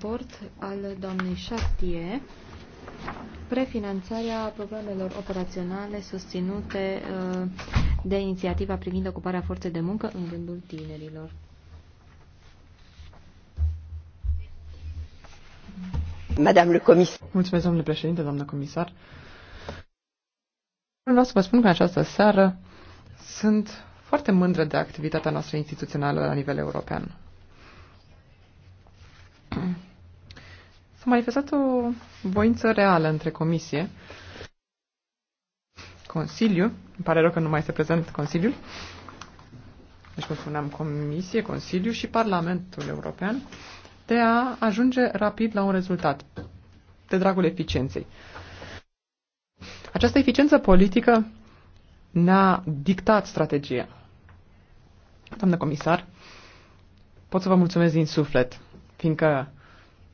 raport al doamnei Chartier, prefinanțarea programelor operaționale susținute uh, de inițiativa privind ocuparea forței de muncă în rândul tinerilor. Madame le comisar. Mulțumesc, domnule președinte, doamnă comisar. Vreau să vă spun că în această seară sunt foarte mândră de activitatea noastră instituțională la nivel european. S-a manifestat o voință reală între comisie, Consiliu, îmi pare rău că nu mai este prezent Consiliul, deci cum spuneam, Comisie, Consiliu și Parlamentul European, de a ajunge rapid la un rezultat, de dragul eficienței. Această eficiență politică ne-a dictat strategia. Doamnă comisar, pot să vă mulțumesc din suflet, fiindcă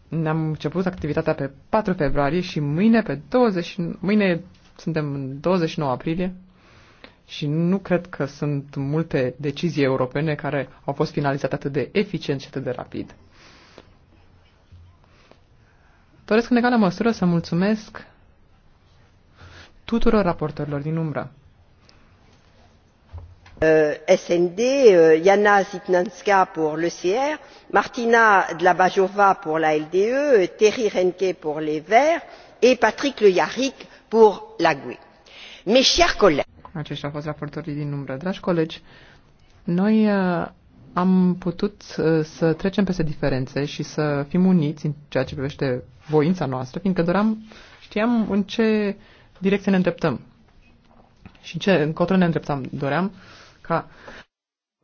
ne-am început activitatea pe 4 februarie și mâine, pe 20, mâine suntem în 29 aprilie și nu cred că sunt multe decizii europene care au fost finalizate atât de eficient și atât de rapid. Doresc în egală măsură să mulțumesc tuturor raportorilor din umbră. Euh, sd jana euh, zitnanska pour l'ecr martina dlabajov pour l'alde Terry Renke pour les verts et patrick le yarrick pour la gue. mes chers collègues aceștia au fost raportorii din umbră. Dragi colegi, noi uh, am putut uh, să trecem peste diferențe și să fim uniți în ceea ce privește voința noastră, fiindcă doream, știam în ce direcție ne îndreptăm și ce, încotro ne îndreptam. Doream ca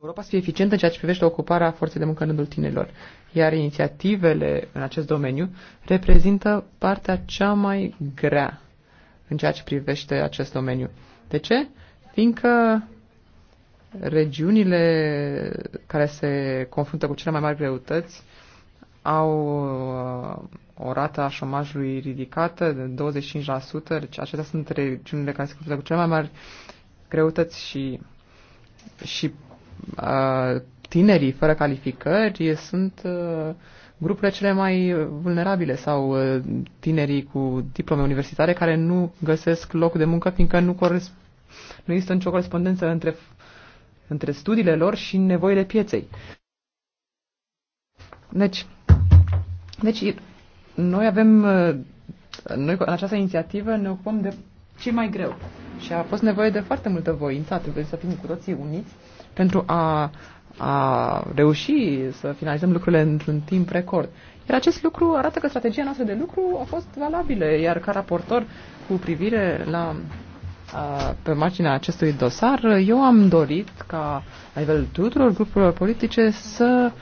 Europa să fie eficientă în ceea ce privește ocuparea forței de muncă în rândul tinerilor, iar inițiativele în acest domeniu reprezintă partea cea mai grea în ceea ce privește acest domeniu. De ce? Fiindcă regiunile care se confruntă cu cele mai mari greutăți au uh, o rată a șomajului ridicată de 25%, deci acestea sunt regiunile care se confruntă cu cele mai mari greutăți și și uh, tinerii fără calificări sunt uh, grupurile cele mai vulnerabile sau uh, tinerii cu diplome universitare care nu găsesc loc de muncă fiindcă nu, nu există nicio corespondență între, între studiile lor și nevoile pieței. Deci, deci noi avem, noi în această inițiativă ne ocupăm de și mai greu. Și a fost nevoie de foarte multă voință, trebuie să fim cu toții uniți pentru a, a reuși să finalizăm lucrurile într-un timp record. Iar acest lucru arată că strategia noastră de lucru a fost valabilă, iar ca raportor cu privire la pe marginea acestui dosar, eu am dorit ca la nivelul tuturor grupurilor politice să uh,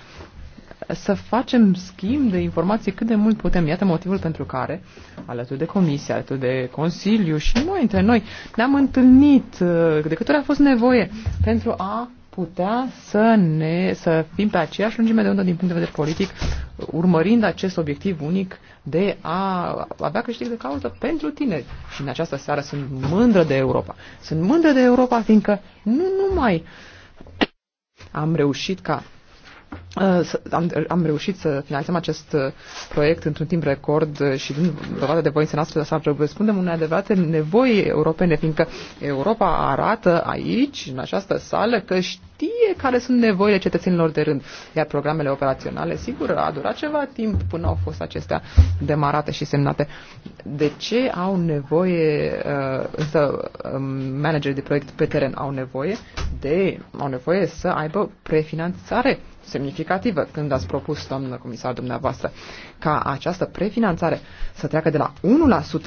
să facem schimb de informații cât de mult putem. Iată motivul pentru care, alături de comisie, alături de Consiliu și noi între noi, ne-am întâlnit uh, de câte ori a fost nevoie pentru a putea să, ne, să fim pe aceeași lungime de undă din punct de vedere politic, urmărind acest obiectiv unic de a avea câștig de cauză pentru tineri. Și în această seară sunt mândră de Europa. Sunt mândră de Europa fiindcă nu numai am reușit ca Uh, am, am reușit să finalizăm acest uh, proiect într-un timp record uh, și din dovadă de voință noastră să răspundem unei adevărate nevoi europene, fiindcă Europa arată aici, în această sală, că știe care sunt nevoile cetățenilor de rând. Iar programele operaționale, sigur, a durat ceva timp până au fost acestea demarate și semnate. De ce au nevoie, însă, um, managerii de proiect pe teren au nevoie de, au nevoie să aibă prefinanțare semnificativă semnificativă când ați propus, doamnă comisar dumneavoastră, ca această prefinanțare să treacă de la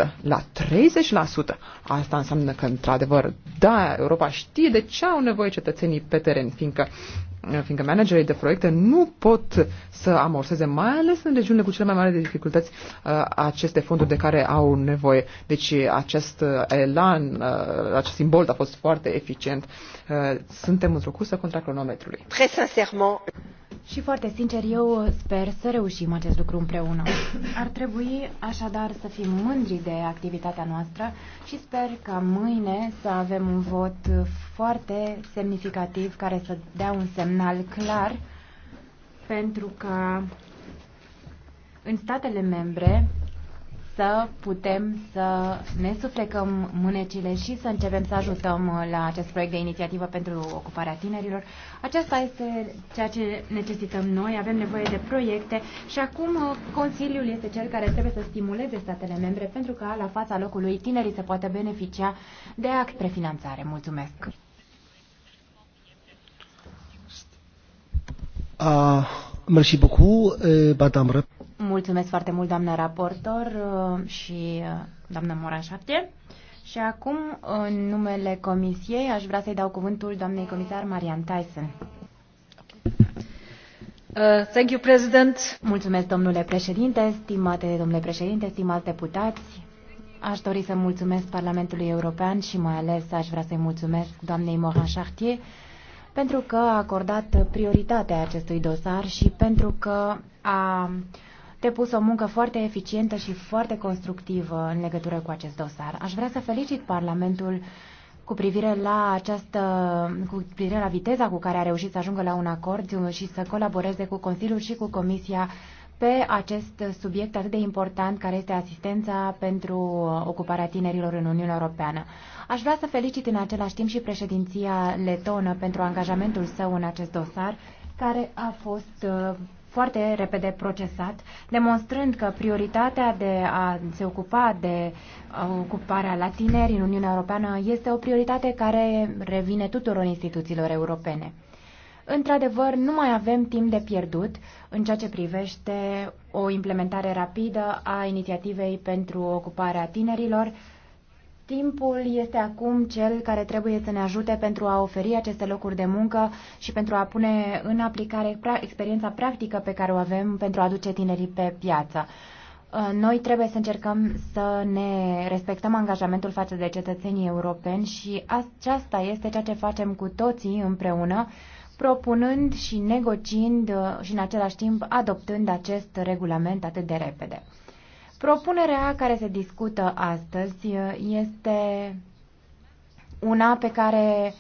1% la 30%. Asta înseamnă că, într-adevăr, da, Europa știe de ce au nevoie cetățenii pe teren, fiindcă fiindcă managerii de proiecte nu pot să amorseze, mai ales în regiunile cu cele mai mari dificultăți, uh, aceste fonduri de care au nevoie. Deci acest uh, elan, uh, acest simbol a fost foarte eficient. Suntem într-o cursă contra cronometrului. Très sincèrement. Și foarte sincer, eu sper să reușim acest lucru împreună. Ar trebui așadar să fim mândri de activitatea noastră și sper ca mâine să avem un vot foarte semnificativ care să dea un semnal clar pentru că în statele membre să putem să ne suflecăm mânecile și să începem să ajutăm uh, la acest proiect de inițiativă pentru ocuparea tinerilor. Aceasta este ceea ce necesităm noi, avem nevoie de proiecte și acum uh, Consiliul este cel care trebuie să stimuleze statele membre pentru ca la fața locului tinerii se poate beneficia de act prefinanțare. Mulțumesc! Uh, merci beaucoup, euh, Madame Mulțumesc foarte mult, doamnă raportor uh, și uh, doamnă Moran Șapte. Și acum, în numele Comisiei, aș vrea să-i dau cuvântul doamnei comisar Marian Tyson. Uh, thank you, President. Mulțumesc, domnule președinte, stimate domnule președinte, stimați deputați. Aș dori să mulțumesc Parlamentului European și mai ales aș vrea să-i mulțumesc doamnei Moran Chartier pentru că a acordat prioritatea acestui dosar și pentru că a uh, te pus o muncă foarte eficientă și foarte constructivă în legătură cu acest dosar. Aș vrea să felicit Parlamentul cu privire la această, cu privire la viteza cu care a reușit să ajungă la un acord și să colaboreze cu Consiliul și cu Comisia pe acest subiect atât de important care este asistența pentru ocuparea tinerilor în Uniunea Europeană. Aș vrea să felicit în același timp și președinția letonă pentru angajamentul său în acest dosar, care a fost foarte repede procesat, demonstrând că prioritatea de a se ocupa de uh, ocuparea la tineri în Uniunea Europeană este o prioritate care revine tuturor instituțiilor europene. Într-adevăr, nu mai avem timp de pierdut în ceea ce privește o implementare rapidă a inițiativei pentru ocuparea tinerilor, Timpul este acum cel care trebuie să ne ajute pentru a oferi aceste locuri de muncă și pentru a pune în aplicare experiența practică pe care o avem pentru a aduce tinerii pe piață. Uh, noi trebuie să încercăm să ne respectăm angajamentul față de cetățenii europeni și aceasta este ceea ce facem cu toții împreună, propunând și negociind uh, și în același timp adoptând acest regulament atât de repede. Propunerea care se discută astăzi uh, este una pe care,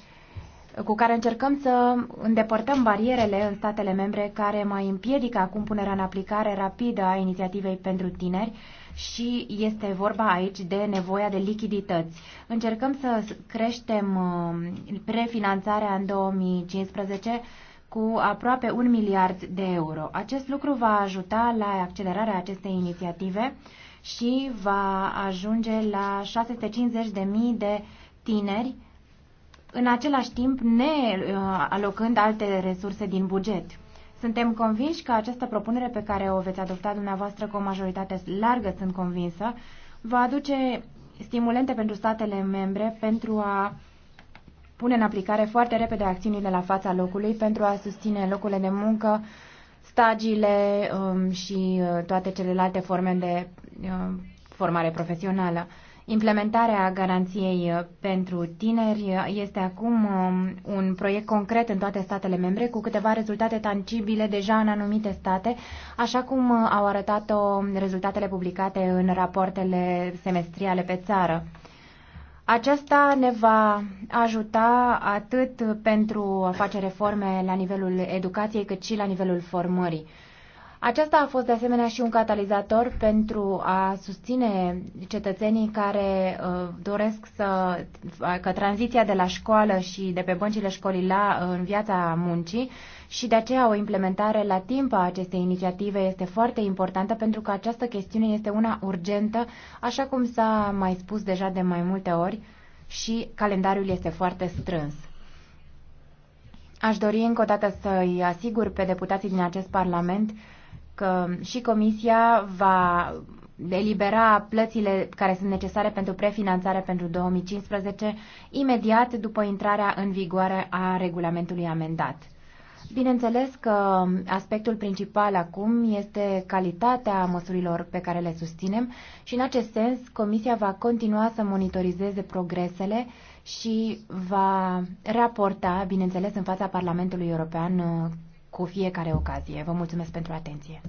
cu care încercăm să îndepărtăm barierele în statele membre care mai împiedică acum punerea în aplicare rapidă a inițiativei pentru tineri și este vorba aici de nevoia de lichidități. Încercăm să creștem uh, prefinanțarea în 2015 cu aproape un miliard de euro. Acest lucru va ajuta la accelerarea acestei inițiative și va ajunge la 650.000 de tineri, în același timp ne uh, alocând alte resurse din buget. Suntem convinși că această propunere pe care o veți adopta dumneavoastră cu o majoritate largă, sunt convinsă, va aduce stimulente pentru statele membre pentru a pune în aplicare foarte repede acțiunile la fața locului pentru a susține locurile de muncă, stagiile um, și uh, toate celelalte forme de um, formare profesională. Implementarea garanției uh, pentru tineri este acum um, un proiect concret în toate statele membre, cu câteva rezultate tangibile deja în anumite state, așa cum au arătat-o rezultatele publicate în rapoartele semestriale pe țară. Aceasta ne va ajuta atât pentru a face reforme la nivelul educației, cât și la nivelul formării. Aceasta a fost de asemenea și un catalizator pentru a susține cetățenii care uh, doresc să, facă tranziția de la școală și de pe băncile școlii la, uh, în viața muncii și de aceea o implementare la timp a acestei inițiative este foarte importantă pentru că această chestiune este una urgentă, așa cum s-a mai spus deja de mai multe ori și calendariul este foarte strâns. Aș dori încă o dată să-i asigur pe deputații din acest Parlament că și Comisia va delibera plățile care sunt necesare pentru prefinanțare pentru 2015 imediat după intrarea în vigoare a regulamentului amendat. Bineînțeles că aspectul principal acum este calitatea măsurilor pe care le susținem și în acest sens Comisia va continua să monitorizeze progresele și va raporta, bineînțeles, în fața Parlamentului European uh, cu fiecare ocazie. Vă mulțumesc pentru atenție.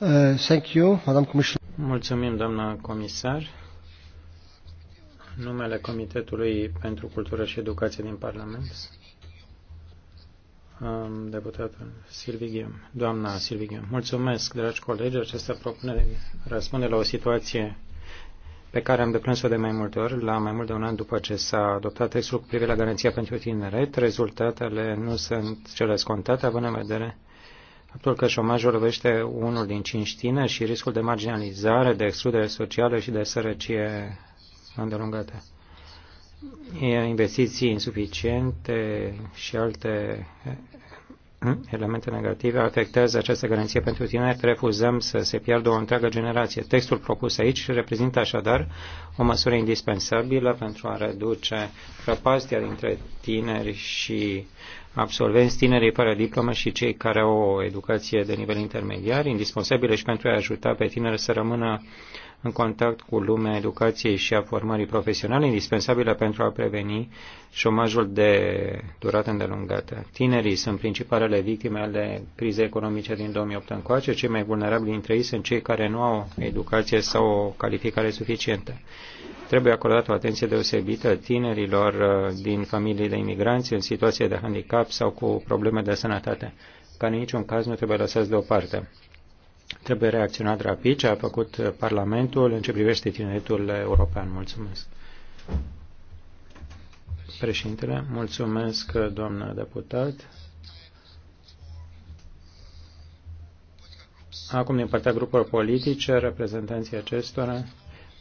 Uh, thank you, Madam Commissioner. Mulțumim, doamna comisar numele Comitetului pentru Cultură și Educație din Parlament, deputatul Silvighem, doamna Silvighem. Mulțumesc, dragi colegi, această propunere răspunde la o situație pe care am deplâns-o de mai multe ori, la mai mult de un an după ce s-a adoptat textul cu privire la garanția pentru tineret, rezultatele nu sunt cele scontate, având în vedere faptul că șomajul lovește unul din cinci tineri și riscul de marginalizare, de excludere socială și de sărăcie îndelungate. Investiții insuficiente și alte eh, eh, elemente negative afectează această garanție pentru tineri, refuzăm să se piardă o întreagă generație. Textul propus aici reprezintă așadar o măsură indispensabilă pentru a reduce prăpastia dintre tineri și absolvenți, tinerii fără diplomă și cei care au o educație de nivel intermediar, indispensabilă și pentru a ajuta pe tineri să rămână în contact cu lumea educației și a formării profesionale indispensabilă pentru a preveni șomajul de durată îndelungată. Tinerii sunt principalele victime ale crizei economice din 2008 încoace. Cei mai vulnerabili dintre ei sunt cei care nu au educație sau o calificare suficientă. Trebuie acordată o atenție deosebită tinerilor uh, din familii de imigranți în situație de handicap sau cu probleme de sănătate, care în niciun caz nu trebuie lăsați deoparte. Trebuie reacționat rapid ce a făcut Parlamentul în ce privește tineretul european. Mulțumesc. Președintele, mulțumesc, doamnă deputat. Acum, din partea grupurilor politice, reprezentanții acestora,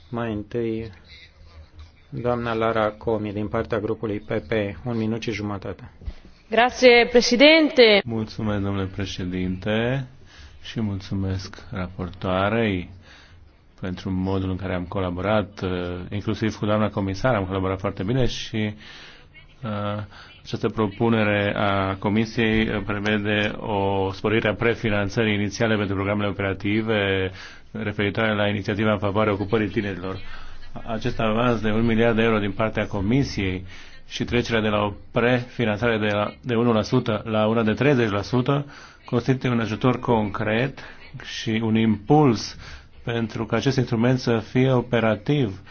mai întâi doamna Lara Comi, din partea grupului PP, un minut și jumătate. Grazie, președinte. Mulțumesc, domnule președinte și mulțumesc raportoarei pentru modul în care am colaborat, uh, inclusiv cu doamna comisar, am colaborat foarte bine și uh, această propunere a Comisiei uh, prevede o sporire a prefinanțării inițiale pentru programele operative referitoare la inițiativa în favoarea ocupării tinerilor. Acest avans de un miliard de euro din partea Comisiei și trecerea de la o prefinanțare de, la, de 1% la una de 30% constituie un ajutor concret și un impuls pentru ca acest instrument să fie operativ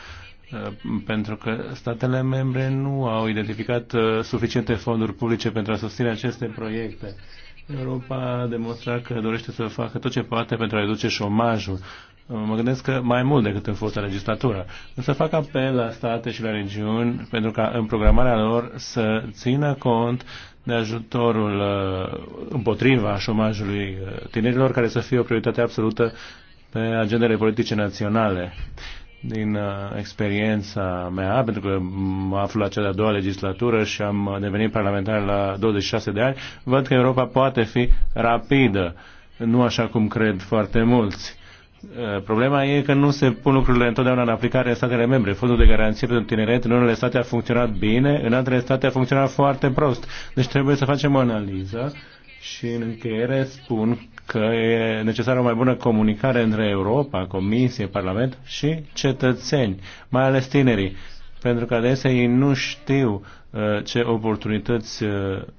uh, pentru că statele membre nu au identificat uh, suficiente fonduri publice pentru a susține aceste proiecte. Europa a demonstrat că dorește să facă tot ce poate pentru a reduce șomajul. Mă gândesc că mai mult decât în fosta legislatură. Însă fac apel la state și la regiuni pentru ca în programarea lor să țină cont de ajutorul uh, împotriva șomajului uh, tinerilor, care să fie o prioritate absolută pe agendele politice naționale. Din uh, experiența mea, pentru că mă aflu la cea de-a doua legislatură și am devenit parlamentar la 26 de ani, văd că Europa poate fi rapidă, nu așa cum cred foarte mulți Eh, problema e că nu se pun lucrurile întotdeauna în aplicare în statele membre. Fondul de garanție pentru tineret în unele state a funcționat bine, în altele state a funcționat foarte prost. Deci trebuie să facem o analiză și în încheiere spun că e necesară o mai bună comunicare între Europa, Comisie, Parlament și cetățeni, mai ales tinerii, pentru că adesea ei nu știu eh, ce oportunități eh,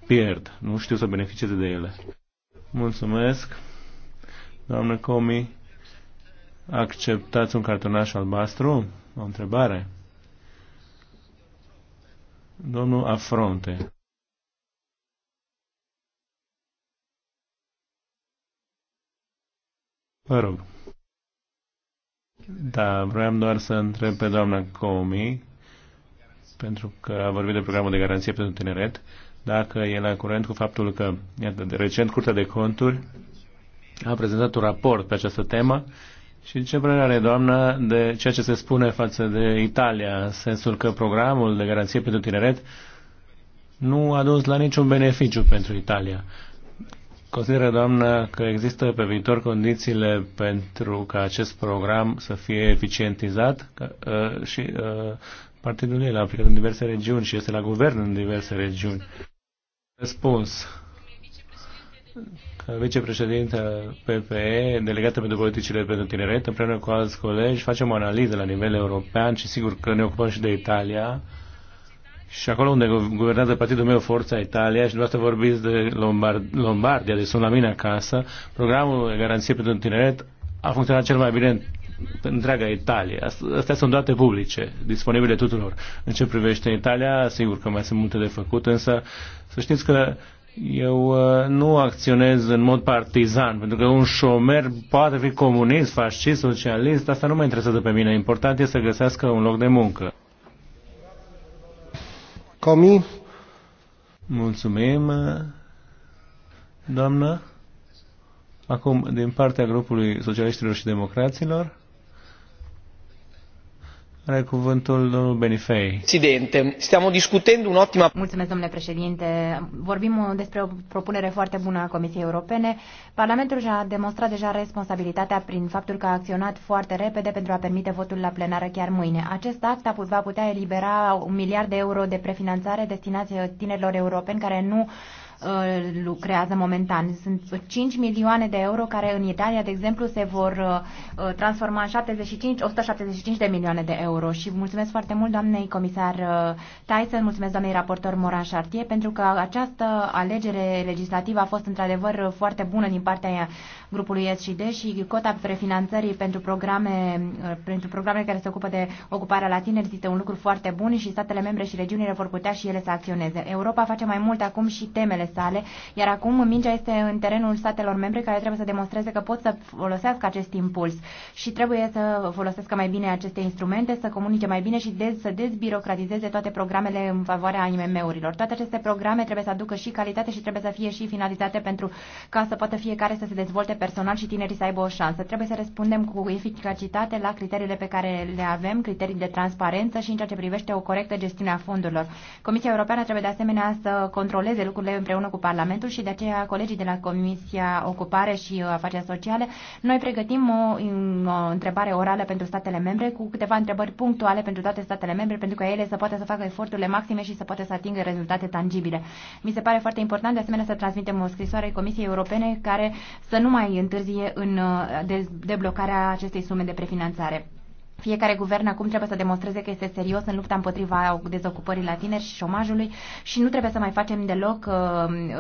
pierd, nu știu să beneficieze de ele. Mulțumesc, doamnă Comi. Acceptați un cartonaș albastru? O întrebare? Domnul Afronte. Vă rog. Da, vreau doar să întreb pe doamna Comi, pentru că a vorbit de programul de garanție pentru tineret, dacă e la curent cu faptul că, iată, de recent Curtea de Conturi a prezentat un raport pe această temă și ce părere are doamna de ceea ce se spune față de Italia, în sensul că programul de garanție pentru tineret nu a dus la niciun beneficiu pentru Italia? Consideră doamna că există pe viitor condițiile pentru ca acest program să fie eficientizat ă, și ă, partidul ei l-a aplicat în diverse regiuni și este la guvern în diverse regiuni. Răspuns vicepreședintă PPE, delegată pentru politicile pentru tineret, împreună cu alți colegi, facem o analiză la nivel european și sigur că ne ocupăm și de Italia. Și acolo unde guvernează partidul meu Forța Italia și dumneavoastră vorbiți de Lombard, Lombardia, de sunt la mine acasă, programul de garanție pentru tineret a funcționat cel mai bine în întreaga Italia. Astea sunt date publice, disponibile tuturor. În ce privește Italia, sigur că mai sunt multe de făcut, însă să știți că eu uh, nu acționez în mod partizan, pentru că un șomer poate fi comunist, fascist, socialist, asta nu mă interesează pe mine. Important este să găsească un loc de muncă. Comi? Mulțumim, doamnă. Acum, din partea grupului socialiștilor și democraților, Presidente, stiamo discutendo un'ottima... Mulțumesc, domnule președinte. Vorbim uh, despre o propunere foarte bună a Comisiei Europene. Parlamentul și-a demonstrat deja responsabilitatea prin faptul că a acționat foarte repede pentru a permite votul la plenară chiar mâine. Acest act va putea elibera un miliard de euro de prefinanțare destinați tinerilor europeni care nu Uh, lucrează momentan. Sunt 5 milioane de euro care în Italia, de exemplu, se vor uh, uh, transforma în 75, 175 de milioane de euro. Și mulțumesc foarte mult doamnei comisar Tyson, mulțumesc doamnei raportor Moran Chartier, pentru că această alegere legislativă a fost într-adevăr foarte bună din partea grupului SCD și cota prefinanțării pentru programe, pentru programe care se ocupă de ocuparea la tineri este un lucru foarte bun și statele membre și regiunile vor putea și ele să acționeze. Europa face mai mult acum și temele sale, iar acum mingea este în terenul statelor membre care trebuie să demonstreze că pot să folosească acest impuls și trebuie să folosească mai bine aceste instrumente, să comunice mai bine și dez, să dezbirocratizeze toate programele în favoarea IMM-urilor. Toate aceste programe trebuie să aducă și calitate și trebuie să fie și finalizate pentru ca să poată fiecare să se dezvolte personal și tinerii să aibă o șansă. Trebuie să răspundem cu eficacitate la criteriile pe care le avem, criterii de transparență și în ceea ce privește o corectă gestiune a fondurilor. Comisia Europeană trebuie de asemenea să controleze lucrurile împreună împreună cu Parlamentul și de aceea colegii de la Comisia Ocupare și uh, Afaceri Sociale, noi pregătim o, o întrebare orală pentru statele membre cu câteva întrebări punctuale pentru toate statele membre pentru ca ele să poată să facă eforturile maxime și să poată să atingă rezultate tangibile. Mi se pare foarte important de asemenea să transmitem o scrisoare Comisiei Europene care să nu mai întârzie în uh, deblocarea acestei sume de prefinanțare. Fiecare guvern acum trebuie să demonstreze că este serios în lupta împotriva dezocupării la tineri și șomajului și nu trebuie să mai facem deloc uh,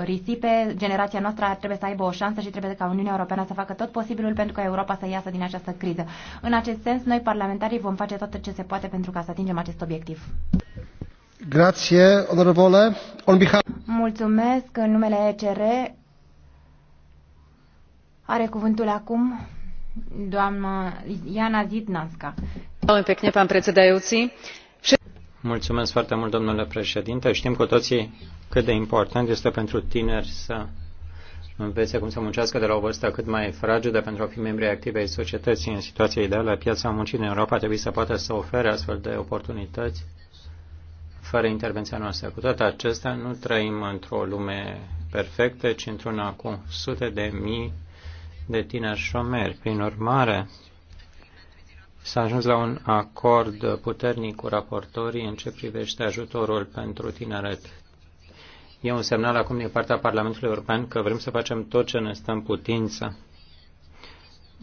risipe. Generația noastră trebuie să aibă o șansă și trebuie ca Uniunea Europeană să facă tot posibilul pentru ca Europa să iasă din această criză. În acest sens, noi parlamentarii vom face tot ce se poate pentru ca să atingem acest obiectiv. Grație, onorevole. On behalf... Mulțumesc. În numele ECR are cuvântul acum Mulțumesc foarte mult, domnule președinte. Știm cu toții cât de important este pentru tineri să învețe cum să muncească de la o vârstă cât mai fragedă pentru a fi membri active ai societății. În situația ideală, piața muncii din Europa trebuie să poată să ofere astfel de oportunități fără intervenția noastră. Cu toate acestea, nu trăim într-o lume perfectă, ci într-una cu sute de mii de tineri șomeri. Prin urmare, s-a ajuns la un acord puternic cu raportorii în ce privește ajutorul pentru tineret. E un semnal acum din partea Parlamentului European că vrem să facem tot ce ne stă în putință.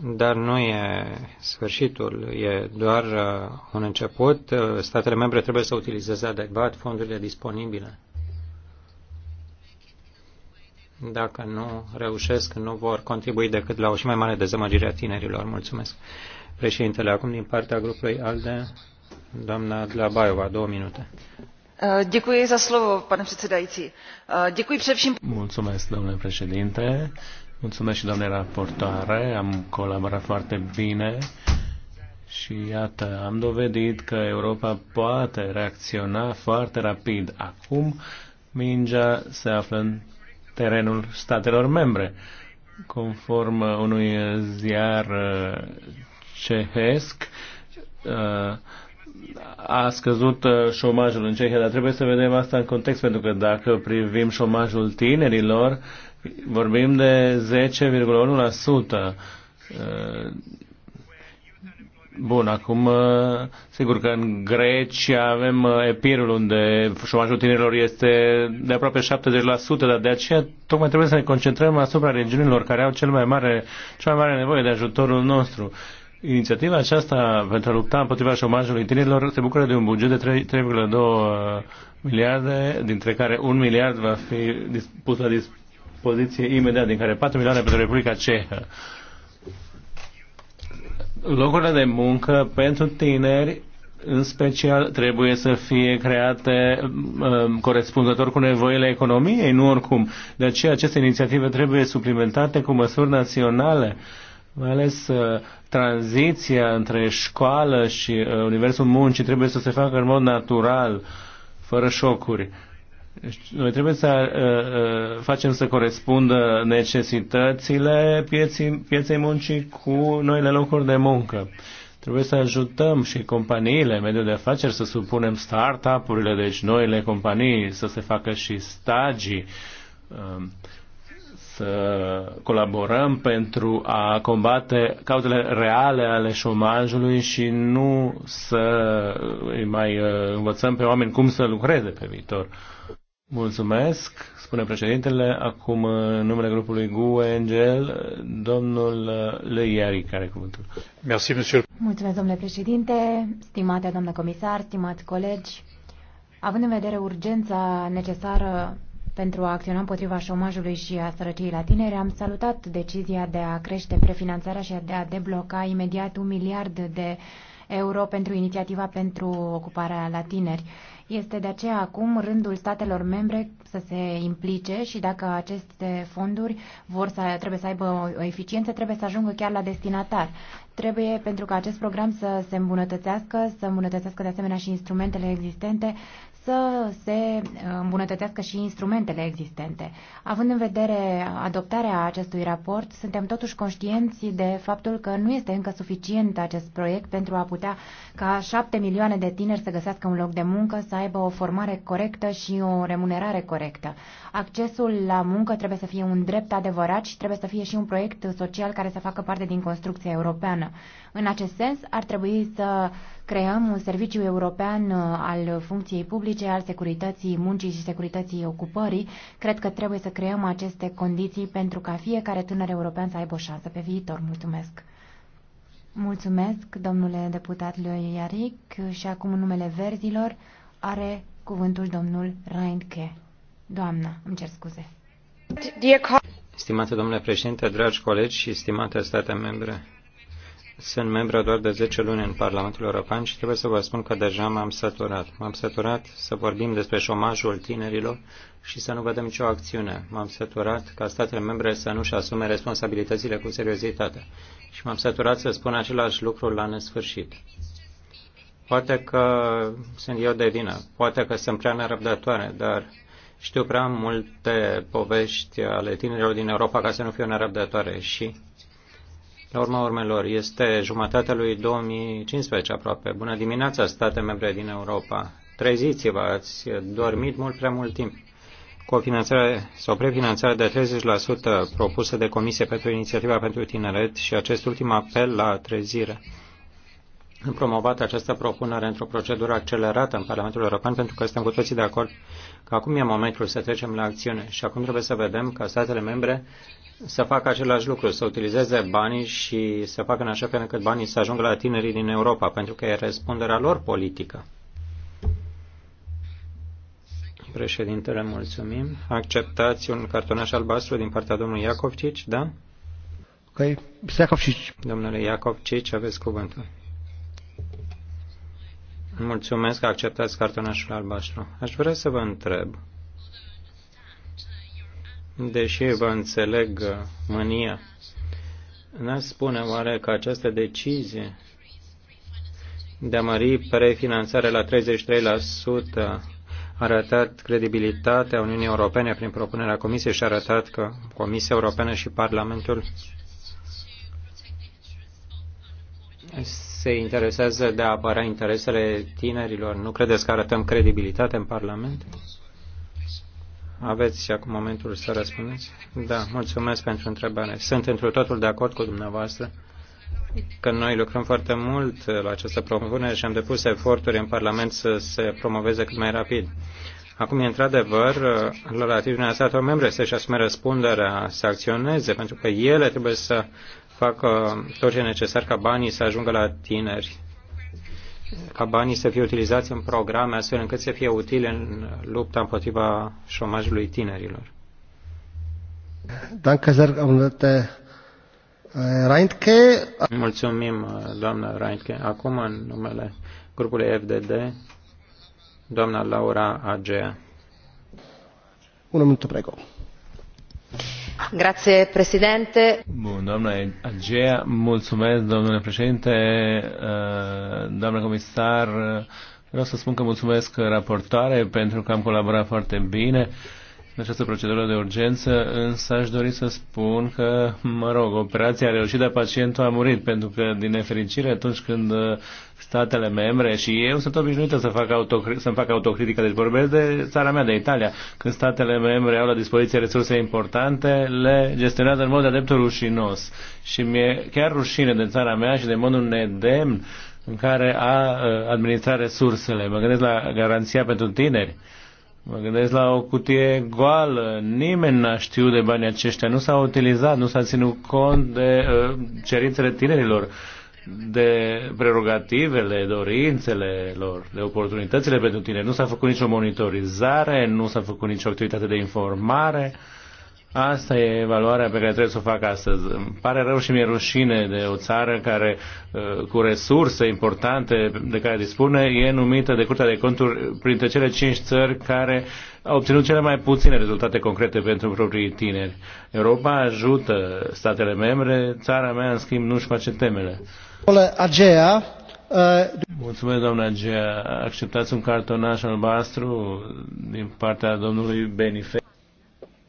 Dar nu e sfârșitul, e doar uh, un început. Uh, statele membre trebuie să utilizeze adecvat fondurile disponibile dacă nu reușesc, nu vor contribui decât la o și mai mare dezamăgire a tinerilor. Mulțumesc. Președintele, acum din partea grupului ALDE, doamna Dlabaiova, două minute. Uh, děkuji za slovo, pane předsedající. Uh, děkuji především... Mulțumesc, domnule președinte. Mulțumesc și doamne raportoare. Am colaborat foarte bine și iată, am dovedit că Europa poate reacționa foarte rapid. Acum, mingea se află în terenul statelor membre. Conform unui ziar uh, cehesc, uh, a scăzut uh, șomajul în Cehia, dar trebuie să vedem asta în context, pentru că dacă privim șomajul tinerilor, vorbim de 10,1% Bun, acum uh, sigur că în Grecia avem uh, Epirul unde șomajul tinerilor este de aproape 70%, dar de aceea tocmai trebuie să ne concentrăm asupra regiunilor care au cel mai mare, cea mai mare nevoie de ajutorul nostru. Inițiativa aceasta pentru a lupta împotriva șomajului tinerilor se bucură de un buget de 3,2 miliarde, dintre care 1 miliard va fi pus la dispoziție imediat, din care 4 milioane pentru Republica Cehă. Locurile de muncă pentru tineri în special trebuie să fie create um, corespunzător cu nevoile economiei, nu oricum. De aceea aceste inițiative trebuie suplimentate cu măsuri naționale, mai ales uh, tranziția între școală și uh, universul muncii trebuie să se facă în mod natural, fără șocuri. Uh, noi trebuie să uh, uh, facem să corespundă necesitățile pieții, pieței muncii cu noile locuri de muncă. Trebuie să ajutăm și companiile, mediul de afaceri, să supunem start-up-urile, deci noile companii, să se facă și stagii, um, să colaborăm pentru a combate cauzele reale ale șomajului și nu să îi mai uh, învățăm pe oameni cum să lucreze pe viitor. Mulțumesc, spune președintele. Acum, în numele grupului gue Angel, domnul Leiari, care cuvântul. Merci, monsieur. Mulțumesc, domnule președinte, stimate domnule comisar, stimați colegi. Având în vedere urgența necesară pentru a acționa împotriva șomajului și a sărăciei la tineri, am salutat decizia de a crește prefinanțarea și de a debloca imediat un miliard de euro pentru inițiativa pentru ocuparea la tineri. Este de aceea acum rândul statelor membre să se implice și dacă aceste fonduri vor să, trebuie să aibă o eficiență, trebuie să ajungă chiar la destinatar. Trebuie pentru ca acest program să se îmbunătățească, să îmbunătățească de asemenea și instrumentele existente, să se uh, îmbunătățească și instrumentele existente. Având în vedere adoptarea acestui raport, suntem totuși conștienți de faptul că nu este încă suficient acest proiect pentru a putea ca șapte milioane de tineri să găsească un loc de muncă, să aibă o formare corectă și o remunerare corectă. Accesul la muncă trebuie să fie un drept adevărat și trebuie să fie și un proiect social care să facă parte din construcția europeană. În acest sens, ar trebui să creăm un serviciu european uh, al funcției publice juridice al securității muncii și securității ocupării, cred că trebuie să creăm aceste condiții pentru ca fiecare tânăr european să aibă o șansă pe viitor. Mulțumesc! Mulțumesc, domnule deputat Leo Iaric, și acum în numele verzilor are cuvântul domnul Reintke. Doamna, îmi cer scuze. Stimate domnule președinte, dragi colegi și stimate state membre, sunt membru doar de 10 luni în Parlamentul European și trebuie să vă spun că deja m-am săturat. M-am săturat să vorbim despre șomajul tinerilor și să nu vedem nicio acțiune. M-am săturat ca statele membre să nu-și asume responsabilitățile cu seriozitate. Și m-am săturat să spun același lucru la nesfârșit. Poate că sunt eu de vină, poate că sunt prea nerăbdătoare, dar știu prea multe povești ale tinerilor din Europa ca să nu fiu nerăbdătoare și la urma urmelor, este jumătatea lui 2015 aproape. Bună dimineața, state membre din Europa. Treziți-vă, ați dormit mult prea mult timp. Cu o finanțare sau prefinanțare de 30% propusă de Comisie pentru Inițiativa pentru Tineret și acest ultim apel la trezire. Am promovat această propunere într-o procedură accelerată în Parlamentul European pentru că suntem cu toții de acord că acum e momentul să trecem la acțiune și acum trebuie să vedem că statele membre să facă același lucru, să utilizeze banii și să facă în așa fel încât banii să ajungă la tinerii din Europa, pentru că e răspunderea lor politică. Președintele, mulțumim. Acceptați un cartonaș albastru din partea domnului Iacovcici, da? Ok, Iacovcici. Domnule Iacovcici, aveți cuvântul. Mulțumesc că acceptați cartonașul albastru. Aș vrea să vă întreb deși vă înțeleg mânia, n spune oare că această decizie de a mări prefinanțarea la 33% a arătat credibilitatea Uniunii Europene prin propunerea Comisiei și a arătat că Comisia Europeană și Parlamentul se interesează de a apăra interesele tinerilor. Nu credeți că arătăm credibilitate în Parlament? Aveți acum momentul să răspundeți? Da, mulțumesc pentru întrebare. Sunt întru totul de acord cu dumneavoastră că noi lucrăm foarte mult la această promovare și am depus eforturi în Parlament să se promoveze cât mai rapid. Acum e într-adevăr la latitudinea statelor membre să-și asume răspunderea, să acționeze, pentru că ele trebuie să facă tot ce e necesar ca banii să ajungă la tineri ca banii să fie utilizați în programe astfel încât să fie utile în lupta împotriva șomajului tinerilor. Äh, Mulțumim, doamna Reintke. Acum, în numele grupului FDD, doamna Laura Agea. Un minut, prego. Grazie, președinte. Bun, doamna Agea, mulțumesc, domnule președinte, uh, doamna comisar. Uh, vreau să spun că mulțumesc raportare pentru că am colaborat foarte bine în această procedură de urgență, însă aș dori să spun că, mă rog, operația a reușit, dar pacientul a murit, pentru că, din nefericire, atunci când uh, statele membre și eu sunt obișnuită să fac, autocri- să fac autocritică, deci vorbesc de țara mea, de Italia, când statele membre au la dispoziție resurse importante, le gestionează în mod de adeptul rușinos. Și mi-e chiar rușine de țara mea și de modul nedemn în care a uh, administrat resursele. Mă gândesc la garanția pentru tineri Mă gândesc la o cutie goală. Nimeni n-a știut de banii aceștia. Nu s-a utilizat, nu s-a ținut cont de uh, cerințele tinerilor, de prerogativele, dorințele lor, de oportunitățile pentru tine. Nu s-a făcut nicio monitorizare, nu s-a făcut nicio activitate de informare. Uh, Asta e evaluarea pe care trebuie să o fac astăzi. Îmi pare rău și mi-e rușine de o țară care, uh, cu resurse importante de care dispune, e numită de Curtea de Conturi printre cele cinci țări care au obținut cele mai puține rezultate concrete pentru proprii tineri. Europa ajută statele membre, țara mea, în schimb, nu-și face temele. Agea, uh, Mulțumesc, doamna Agea. Acceptați un cartonaș albastru din partea domnului Benife.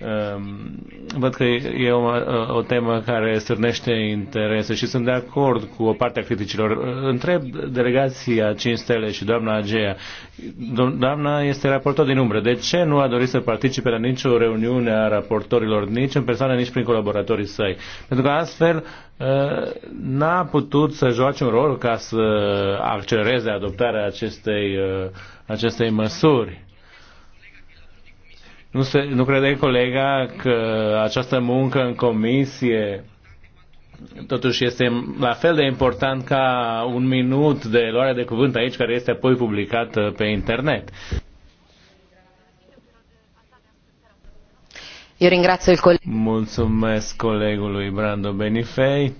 Um, văd că e o, o temă care stârnește interese și sunt de acord cu o parte a criticilor. Întreb delegația 5 stele și doamna Agea. Doamna este raportor din umbră. De ce nu a dorit să participe la nicio reuniune a raportorilor, nici în persoană, nici prin colaboratorii săi? Pentru că astfel uh, n-a putut să joace un rol ca să accelereze adoptarea acestei, uh, acestei măsuri nu, se, nu crede colega că această muncă în comisie totuși este la fel de important ca un minut de luare de cuvânt aici, care este apoi publicat uh, pe internet. Eu coleg. Mulțumesc colegului Brando Benifei,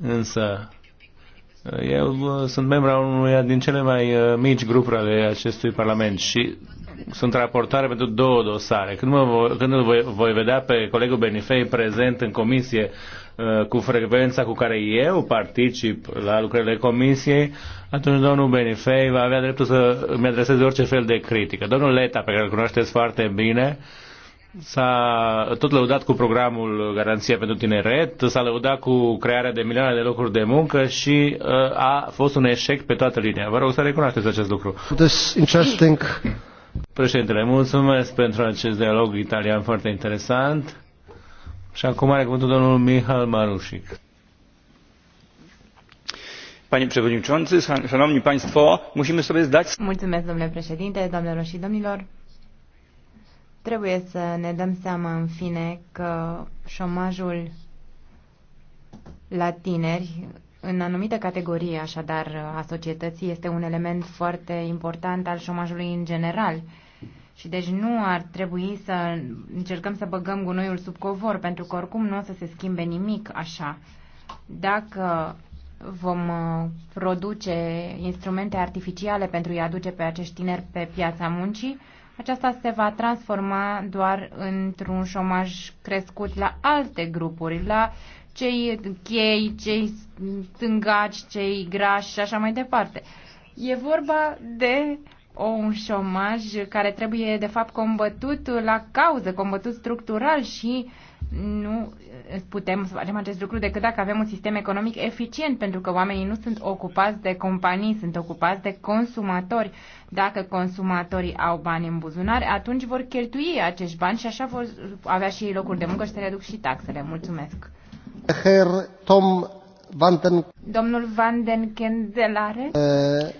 însă uh, eu uh, sunt membru a unuia din cele mai mici grupuri ale acestui parlament și sunt raportare pentru două dosare. Când, mă, când îl voi, voi vedea pe colegul Benifei prezent în comisie uh, cu frecvența cu care eu particip la lucrările comisiei, atunci domnul Benifei va avea dreptul să îmi adreseze orice fel de critică. Domnul Leta, pe care îl cunoașteți foarte bine, s-a tot lăudat cu programul Garanția pentru Tineret, s-a lăudat cu crearea de milioane de locuri de muncă și uh, a fost un eșec pe toată linia. Vă rog să recunoașteți acest lucru. This interesting Președintele, mulțumesc pentru acest dialog italian foarte interesant. Și acum are cuvântul domnul Mihal Marușic. Panie Przewodniczący, Szanowni Państwo, musimy sobie zdać... Mulțumesc, domnule președinte, doamnelor și domnilor. Trebuie să ne dăm seama, în fine, că șomajul la tineri în anumite categorii, așadar, a societății este un element foarte important al șomajului în general. Și deci nu ar trebui să încercăm să băgăm gunoiul sub covor, pentru că oricum nu o să se schimbe nimic așa. Dacă vom uh, produce instrumente artificiale pentru a-i aduce pe acești tineri pe piața muncii, aceasta se va transforma doar într-un șomaj crescut la alte grupuri, la cei chei, cei stângaci, cei grași și așa mai departe. E vorba de o, un șomaj care trebuie de fapt combătut la cauză, combătut structural și nu putem să facem acest lucru decât dacă avem un sistem economic eficient, pentru că oamenii nu sunt ocupați de companii, sunt ocupați de consumatori. Dacă consumatorii au bani în buzunar, atunci vor cheltui acești bani și așa vor avea și locuri de muncă și să reduc și taxele. Mulțumesc! Herr Tom Van den... Domnul Van den Kendelare. Uh, eh,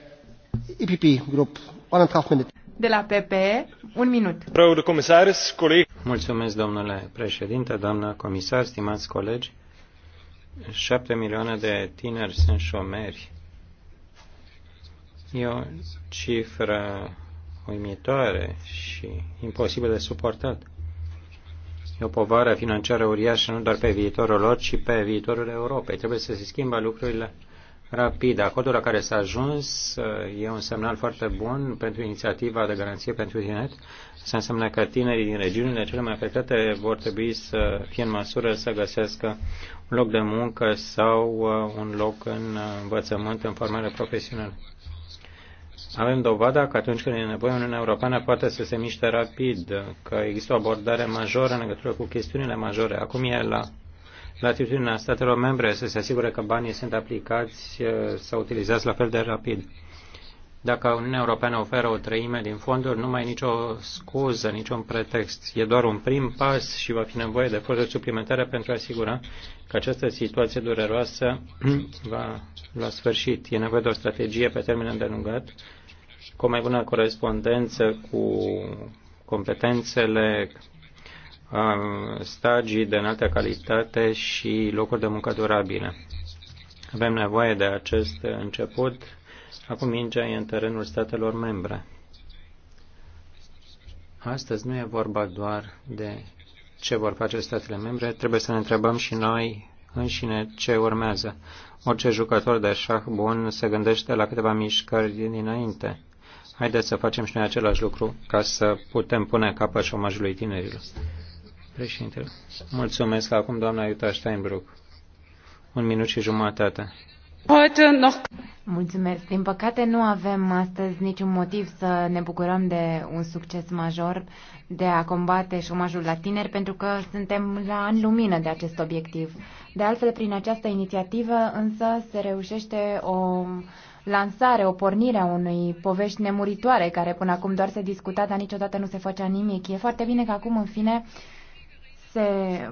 IPP Group. One and a half minute. De la PPE, un minut. Vreau de comisaris, colegi. Mulțumesc, domnule președinte, doamnă comisar, stimați colegi. Șapte milioane de tineri sunt șomeri. E o cifră uimitoare și imposibil de suportat. E o povară financiară uriașă nu doar pe viitorul lor, ci pe viitorul Europei. Trebuie să se schimbe lucrurile rapid. Acordul la care s-a ajuns uh, e un semnal foarte bun pentru inițiativa de garanție pentru tineri. Să înseamnă că tinerii din regiunile cele mai afectate vor trebui să fie în măsură să găsească un loc de muncă sau uh, un loc în uh, învățământ, în formare profesională. Avem dovada că atunci când e nevoie, Uniunea Europeană poate să se miște rapid, că există o abordare majoră în legătură cu chestiunile majore. Acum e la latitudinea statelor membre să se asigure că banii sunt aplicați eh, sau utilizați la fel de rapid. Dacă Uniunea Europeană oferă o treime din fonduri, nu mai e nicio scuză, niciun pretext. E doar un prim pas și va fi nevoie de eforturi suplimentare pentru a asigura că această situație dureroasă va la sfârșit. E nevoie de o strategie pe termen îndelungat cu o mai bună corespondență cu competențele, um, stagii de înaltă calitate și locuri de muncă durabile. Avem nevoie de acest început. Acum mingea e în terenul statelor membre. Astăzi nu e vorba doar de ce vor face statele membre, trebuie să ne întrebăm și noi înșine ce urmează. Orice jucător de șah bun se gândește la câteva mișcări dinainte. Haideți să facem și noi același lucru ca să putem pune capăt șomajului tinerilor. Președinte, mulțumesc. Acum doamna Iuta Steinbrück. Un minut și jumătate. Mulțumesc. Din păcate nu avem astăzi niciun motiv să ne bucurăm de un succes major de a combate șomajul la tineri pentru că suntem la în lumină de acest obiectiv. De altfel, prin această inițiativă însă se reușește o lansare, o pornire a unei povești nemuritoare care până acum doar se discuta, dar niciodată nu se făcea nimic. E foarte bine că acum, în fine, se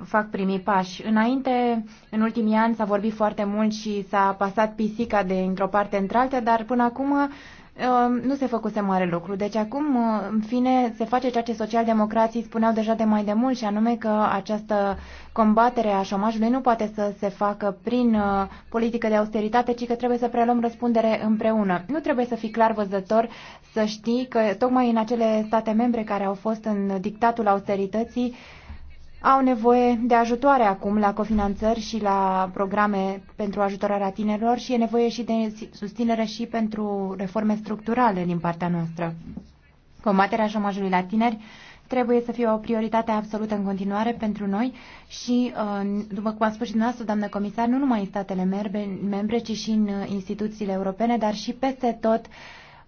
fac primii pași. Înainte, în ultimii ani, s-a vorbit foarte mult și s-a pasat pisica de într-o parte într-alta, dar până acum Ehm, nu se făcuse mare lucru. Deci acum, eh, în fine, se face ceea ce socialdemocrații spuneau deja de mai demult și anume că această combatere a șomajului nu poate să se facă prin eh, politică de austeritate, ci că trebuie să preluăm răspundere împreună. Nu trebuie să fii clar văzător să știi că tocmai în acele state membre care au fost în dictatul austerității, au nevoie de ajutoare acum la cofinanțări și la programe pentru ajutorarea tinerilor și e nevoie și de susținere și pentru reforme structurale din partea noastră. Combaterea șomajului la tineri trebuie să fie o prioritate absolută în continuare pentru noi și, după cum a spus și dumneavoastră, doamnă comisar, nu numai în statele membre, ci și în instituțiile europene, dar și peste tot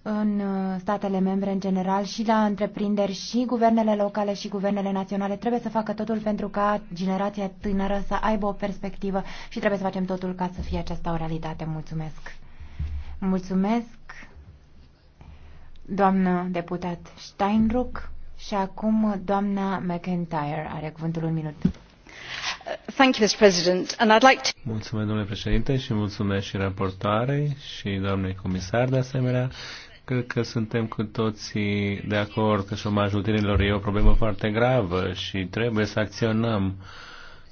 în uh, statele membre în general și la întreprinderi și guvernele locale și guvernele naționale. Trebuie să facă totul pentru ca generația tânără să aibă o perspectivă și trebuie să facem totul ca să fie aceasta o realitate. Mulțumesc! Mulțumesc, doamnă deputat Steinruck și acum doamna McIntyre are cuvântul un minut. Mulțumesc, domnule președinte, și mulțumesc și raportoarei și doamnei comisar de asemenea. Cred că suntem cu toții de acord că șomajul tinerilor e o problemă foarte gravă și trebuie să acționăm.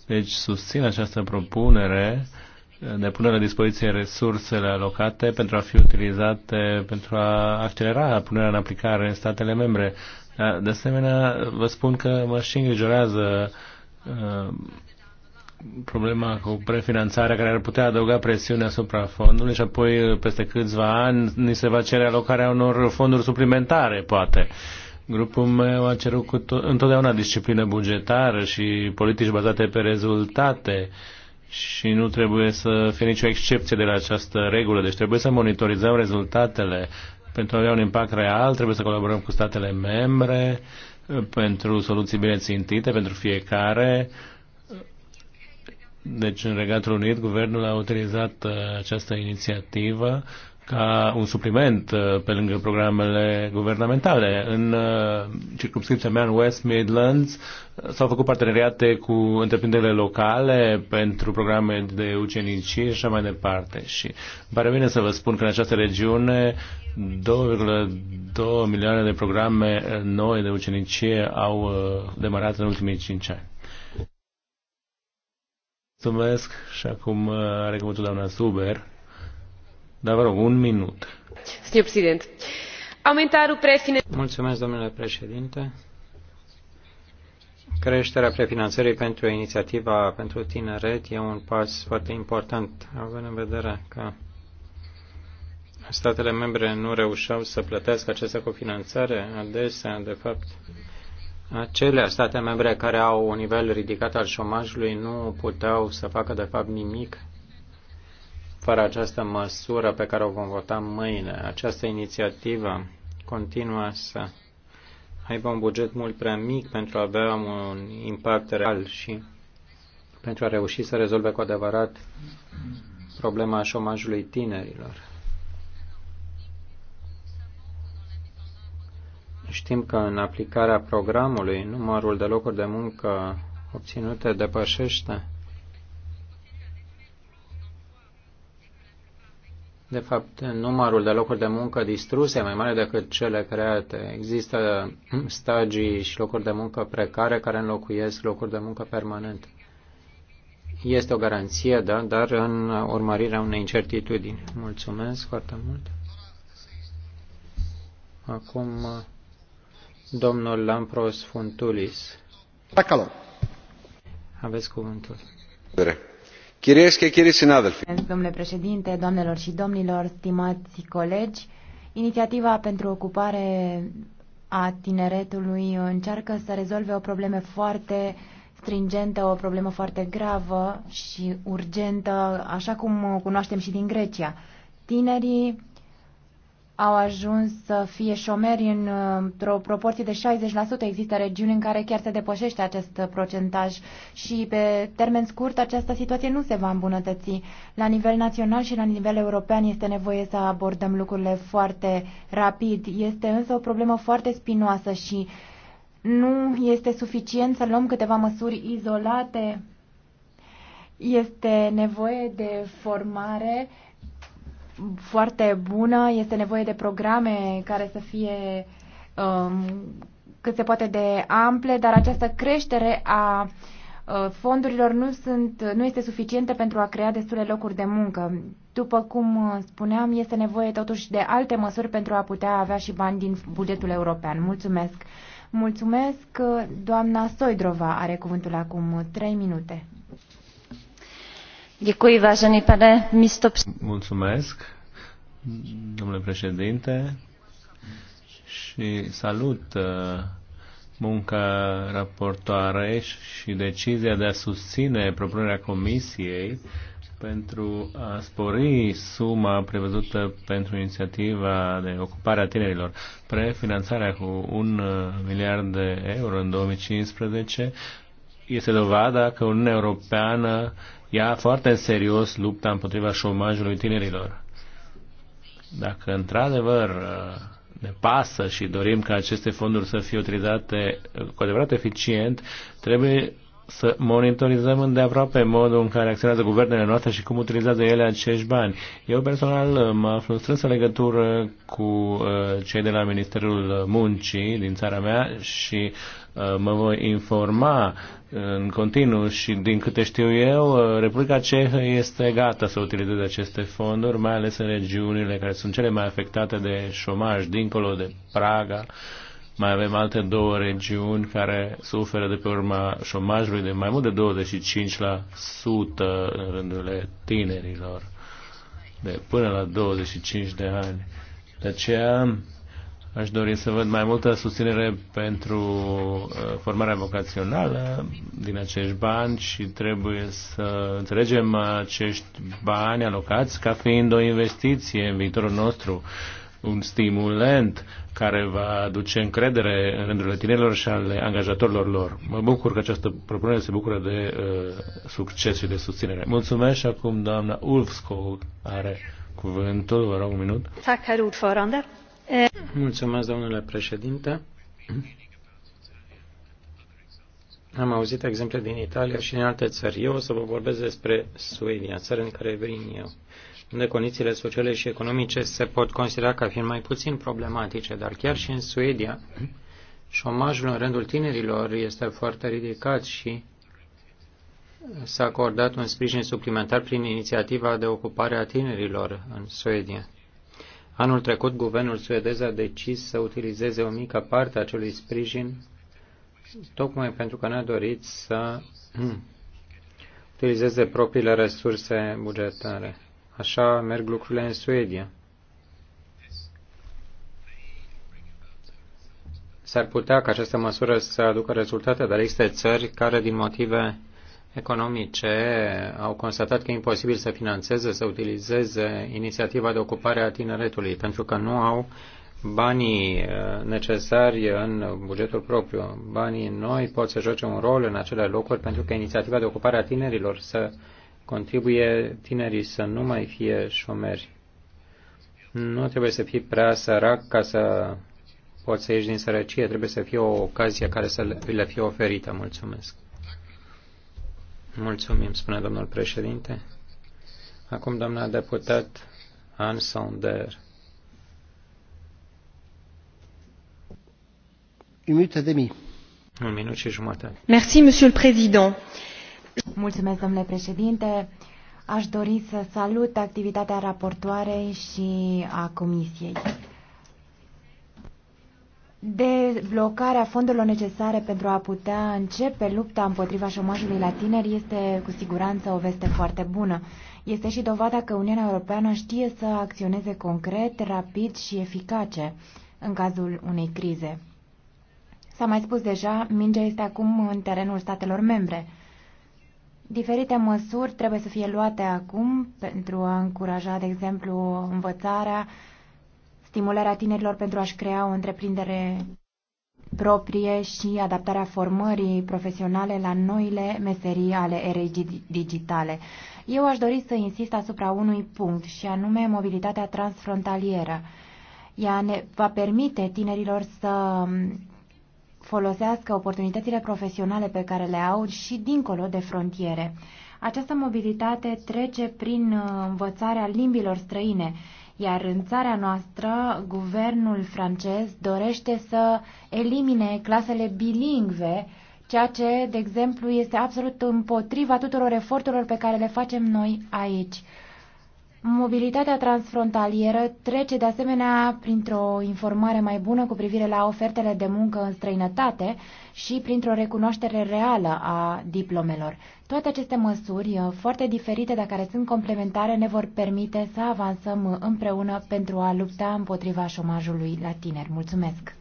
Deci susțin această propunere de pune la dispoziție resursele alocate pentru a fi utilizate pentru a accelera punerea în aplicare în statele membre. De asemenea, vă spun că mă și îngrijorează uh, problema cu prefinanțarea care ar putea adăuga presiune asupra fondului și apoi peste câțiva ani ni se va cere alocarea unor fonduri suplimentare, poate. Grupul meu a cerut cu to- întotdeauna disciplină bugetară și politici bazate pe rezultate și nu trebuie să fie nicio excepție de la această regulă. Deci trebuie să monitorizăm rezultatele pentru a avea un impact real, trebuie să colaborăm cu statele membre pentru soluții bine țintite pentru fiecare deci, în Regatul Unit, guvernul a utilizat uh, această inițiativă ca un supliment uh, pe lângă programele guvernamentale. În uh, circumscripția mea, în West Midlands, s-au făcut parteneriate cu întreprinderile locale pentru programe de ucenicie și așa mai departe. Și îmi pare bine să vă spun că în această regiune 2,2 milioane de programe noi de ucenicie au demarat în ultimii 5 ani. Mulțumesc și acum uh, are cuvântul doamna Suber. Dar vă rog, un minut. Mulțumesc, domnule președinte. Creșterea prefinanțării pentru inițiativa pentru tineret e un pas foarte important, având în vedere că statele membre nu reușeau să plătească această cofinanțare, adesea, de fapt, acele state membre care au un nivel ridicat al șomajului nu puteau să facă de fapt nimic fără această măsură pe care o vom vota mâine. Această inițiativă continuă să aibă un buget mult prea mic pentru a avea un impact real și pentru a reuși să rezolve cu adevărat problema șomajului tinerilor. Știm că în aplicarea programului numărul de locuri de muncă obținute depășește De fapt, numărul de locuri de muncă distruse e mai mare decât cele create. Există stagii și locuri de muncă precare care înlocuiesc locuri de muncă permanent. Este o garanție, da, dar în urmărirea unei incertitudini. Mulțumesc foarte mult. Acum Domnul Lampros Funtulis. Pacalo. Aveți cuvântul. Domnule președinte, doamnelor și domnilor, stimați colegi, inițiativa pentru ocupare a tineretului încearcă să rezolve o problemă foarte stringentă, o problemă foarte gravă și urgentă, așa cum o cunoaștem și din Grecia. Tinerii au ajuns să fie șomeri în, într-o proporție de 60%. Există regiuni în care chiar se depășește acest procentaj și pe termen scurt această situație nu se va îmbunătăți. La nivel național și la nivel european este nevoie să abordăm lucrurile foarte rapid. Este însă o problemă foarte spinoasă și nu este suficient să luăm câteva măsuri izolate. Este nevoie de formare foarte bună, este nevoie de programe care să fie um, cât se poate de ample, dar această creștere a uh, fondurilor nu, sunt, nu este suficientă pentru a crea destule locuri de muncă. După cum uh, spuneam, este nevoie totuși de alte măsuri pentru a putea avea și bani din bugetul european. Mulțumesc! Mulțumesc! Doamna Soidrova are cuvântul acum 3 minute. Děkuji, vážený pane místo. Mulțumesc, domnule președinte, și salut uh, munca raportoarei și decizia de a susține propunerea Comisiei pentru a spori suma prevăzută pentru inițiativa de ocupare a tinerilor. Prefinanțarea cu un uh, miliard de euro în 2015 este dovada că Uniunea Europeană ia foarte în serios lupta împotriva șomajului tinerilor. Dacă într-adevăr uh, ne pasă și dorim ca aceste fonduri să fie utilizate uh, cu adevărat eficient, trebuie să monitorizăm îndeaproape modul în care acționează guvernele noastre și cum utilizează ele acești bani. Eu personal uh, mă aflu în strânsă legătură cu uh, cei de la Ministerul Muncii din țara mea și uh, mă voi informa în continuu și din câte știu eu, Republica Cehă este gata să utilizeze aceste fonduri, mai ales în regiunile care sunt cele mai afectate de șomaj, dincolo de Praga, mai avem alte două regiuni care suferă de pe urma șomajului de mai mult de 25% în rândurile tinerilor, de până la 25 de ani. De aceea aș dori să văd mai multă susținere pentru uh, formarea vocațională din acești bani și trebuie să înțelegem acești bani alocați ca fiind o investiție în viitorul nostru, un stimulant care va aduce încredere în rândul tinerilor și ale angajatorilor lor. Mă bucur că această propunere se bucură de uh, succes și de susținere. Mulțumesc și acum doamna Ulfskog are cuvântul. Vă rog un minut. Eh. Mulțumesc, domnule președinte. Am auzit exemple din Italia și din alte țări. Eu o să vă vorbesc despre Suedia, țară în care vin eu unde condițiile sociale și economice se pot considera ca fiind mai puțin problematice, dar chiar și în Suedia, șomajul în rândul tinerilor este foarte ridicat și s-a acordat un sprijin suplimentar prin inițiativa de ocupare a tinerilor în Suedia. Anul trecut, guvernul suedez a decis să utilizeze o mică parte a acelui sprijin tocmai pentru că ne-a dorit să utilizeze propriile resurse bugetare. Așa merg lucrurile în Suedia. S-ar putea ca această măsură să aducă rezultate, dar există țări care, din motive economice, au constatat că e imposibil să financeze, să utilizeze inițiativa de ocupare a tineretului, pentru că nu au banii uh, necesari în bugetul propriu. Banii noi pot să joace un rol în acele locuri pentru că inițiativa de ocupare a tinerilor să contribuie tinerii să nu mai fie șomeri. Nu trebuie să fii prea sărac ca să poți să ieși din sărăcie, trebuie să fie o ocazie care să le, le fie oferită. Mulțumesc. Mulțumim, spune domnul președinte. Acum, doamna deputat Anne Sonder. Un minut și jumătate. Merci, monsieur le président. Mulțumesc, domnule președinte. Aș dori să salut activitatea raportoarei și a comisiei. blocarea fondurilor necesare pentru a putea începe lupta împotriva șomajului la tineri este cu siguranță o veste foarte bună. Este și dovada că Uniunea Europeană știe să acționeze concret, rapid și eficace în cazul unei crize. S-a mai spus deja, mingea este acum în terenul statelor membre. Diferite măsuri trebuie să fie luate acum pentru a încuraja, de exemplu, învățarea, stimularea tinerilor pentru a-și crea o întreprindere proprie și adaptarea formării profesionale la noile meserii ale erei digitale. Eu aș dori să insist asupra unui punct și anume mobilitatea transfrontalieră. Ea ne va permite tinerilor să folosească oportunitățile profesionale pe care le au și dincolo de frontiere. Această mobilitate trece prin uh, învățarea limbilor străine, iar în țara noastră, guvernul francez dorește să elimine clasele bilingve, ceea ce, de exemplu, este absolut împotriva tuturor eforturilor pe care le facem noi aici. Mobilitatea transfrontalieră trece de asemenea printr-o informare mai bună cu privire la ofertele de muncă în străinătate și printr-o recunoaștere reală a diplomelor. Toate aceste măsuri, uh, foarte diferite, dar care sunt complementare, ne vor permite să avansăm împreună pentru a lupta împotriva șomajului la tineri. Mulțumesc!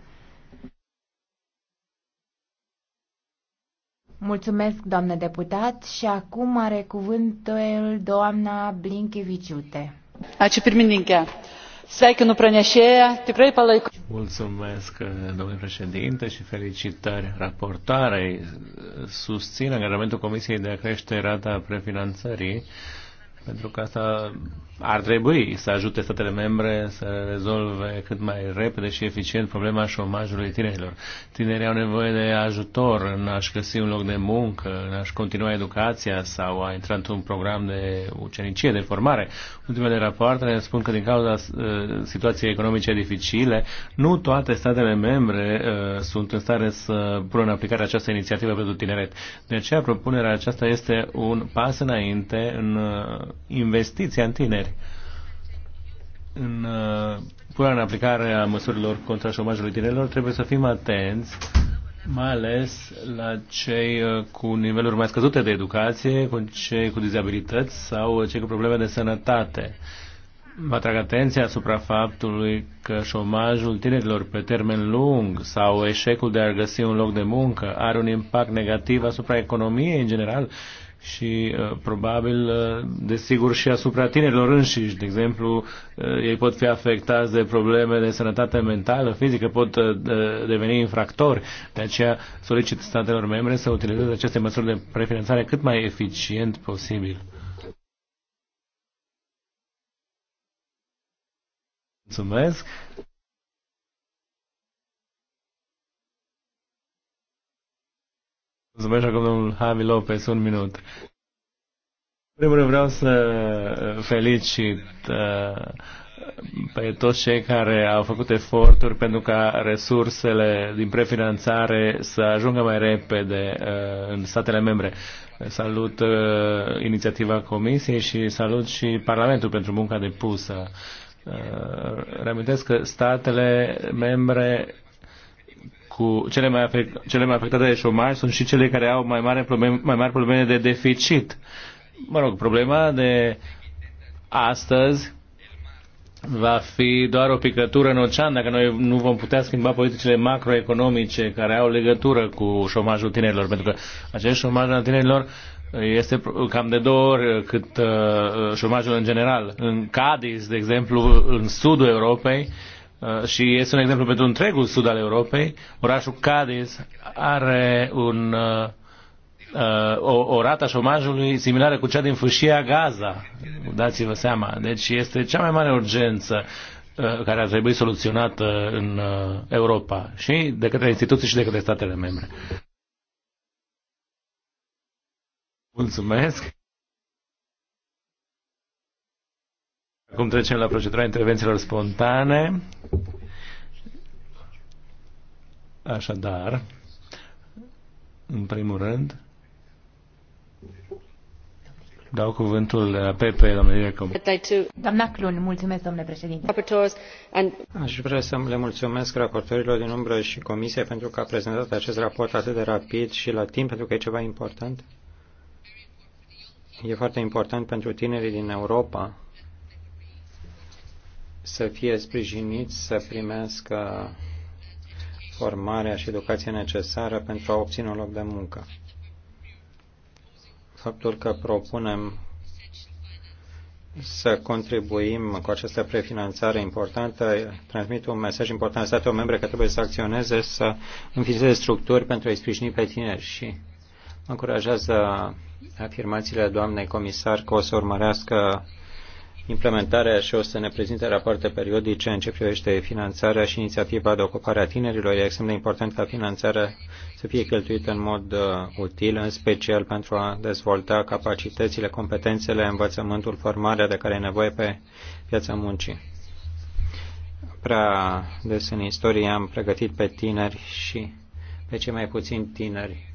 Mulțumesc, doamnă deputat, și acum are cuvântul doamna Blinkevičiūtė. Ačiū pirmininkė. Sveikinu pranešėją, tikrai palaikau. Mulțumesc, domnule președinte, și felicitări raportarei. Susțin angajamentul Comisiei de a crește rata prefinanțării, pentru că asta ar trebui să ajute statele membre să rezolve cât mai repede și eficient problema șomajului tinerilor. Tinerii au nevoie de ajutor în a-și găsi un loc de muncă, în a-și continua educația sau a intra într-un program de ucenicie, de formare. Ultimele rapoarte ne spun că din cauza uh, situației economice dificile, nu toate statele membre uh, sunt în stare să pună în aplicare această inițiativă pentru tineret. De aceea propunerea aceasta este un pas înainte în uh, investiția în tineri tineri. În uh, punerea în aplicare a măsurilor contra șomajului tinerilor trebuie să fim atenți mai ales la cei uh, cu niveluri mai scăzute de educație, cu cei cu dizabilități sau cei cu probleme de sănătate. Vă atrag atenția asupra faptului că șomajul tinerilor pe termen lung sau eșecul de a găsi un loc de muncă are un impact negativ asupra economiei în general și uh, probabil, uh, desigur, și asupra tinerilor înșiși. De exemplu, uh, ei pot fi afectați de probleme de sănătate mentală, fizică, pot deveni infractori. De aceea solicit statelor membre să utilizeze aceste măsuri de prefinanțare cât mai eficient posibil. Mulțumesc! Mulțumesc acum domnul Javi Lopez, un minut. În primul rând vreau să uh, felicit uh, pe toți cei care au făcut eforturi pentru ca resursele din prefinanțare să ajungă mai repede uh, în statele membre. Salut inițiativa Comisiei și salut și Parlamentul pentru munca depusă. Uh, reamintesc că statele membre cu cele mai, afect, cele mai afectate de șomaj sunt și cele care au mai, mare probleme, mai mari probleme de deficit. Mă rog, problema de astăzi va fi doar o picătură în ocean dacă noi nu vom putea schimba politicile macroeconomice care au legătură cu șomajul tinerilor, pentru că acest șomaj al tinerilor este cam de două ori cât uh, uh, șomajul în general. În Cadiz, de exemplu, în sudul Europei, uh, și este un exemplu pentru întregul sud al Europei, orașul Cadiz are un, uh, uh, o, o rată a șomajului similară cu cea din fâșia Gaza. Dați-vă seama. Deci este cea mai mare urgență uh, care ar trebui soluționată în uh, Europa și de către instituții și de către statele membre. Mulțumesc! Acum trecem la procedura intervențiilor spontane. Așadar, în primul rând, dau cuvântul Pepe, domnule Iacob. Doamna Clun, mulțumesc, domnule președinte. Aș vrea să le mulțumesc raportorilor din umbră și comisie pentru că a prezentat acest raport atât de rapid și la timp, pentru că e ceva important E foarte important pentru tinerii din Europa să fie sprijiniți să primească formarea și educația necesară pentru a obține un loc de muncă. Faptul că propunem să contribuim cu această prefinanțare importantă, transmit un mesaj important statelor membre că trebuie să acționeze, să înființeze structuri pentru a-i sprijini pe tineri și încurajează afirmațiile doamnei comisar că o să urmărească implementarea și o să ne prezinte rapoarte periodice în ce privește finanțarea și inițiativa de ocupare a tinerilor. E extrem de important ca finanțarea să fie cheltuită în mod uh, util, în special pentru a dezvolta capacitățile, competențele, învățământul, formarea de care e nevoie pe piața muncii. Prea des în istorie am pregătit pe tineri și pe cei mai puțini tineri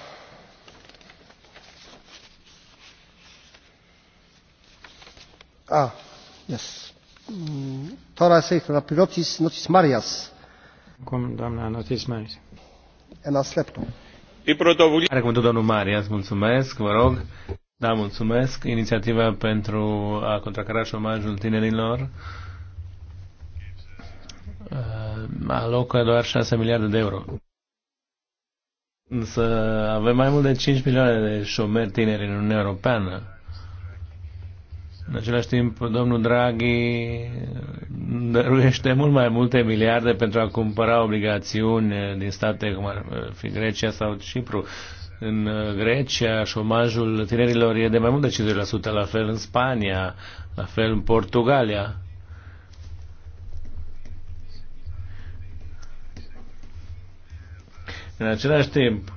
Ah, yes. Τώρα σε χροναπληρώτης Νότης Μάριας. Cum doamna Notis Marias. Ένας λεπτό. Η πρωτοβουλία... Are cuvântul domnul Marias, mulțumesc, vă rog. Da, mulțumesc. Inițiativa pentru a contracara șomajul tinerilor uh, alocă doar 6 miliarde de euro. Însă avem mai mult de 5 milioane de șomeri tineri în Uniunea Europeană în același timp, domnul Draghi dăruiește mult mai multe miliarde pentru a cumpăra obligațiuni din state cum ar fi Grecia sau Cipru. În Grecia, șomajul tinerilor e de mai mult de 50%, la fel în Spania, la fel în Portugalia. În același timp,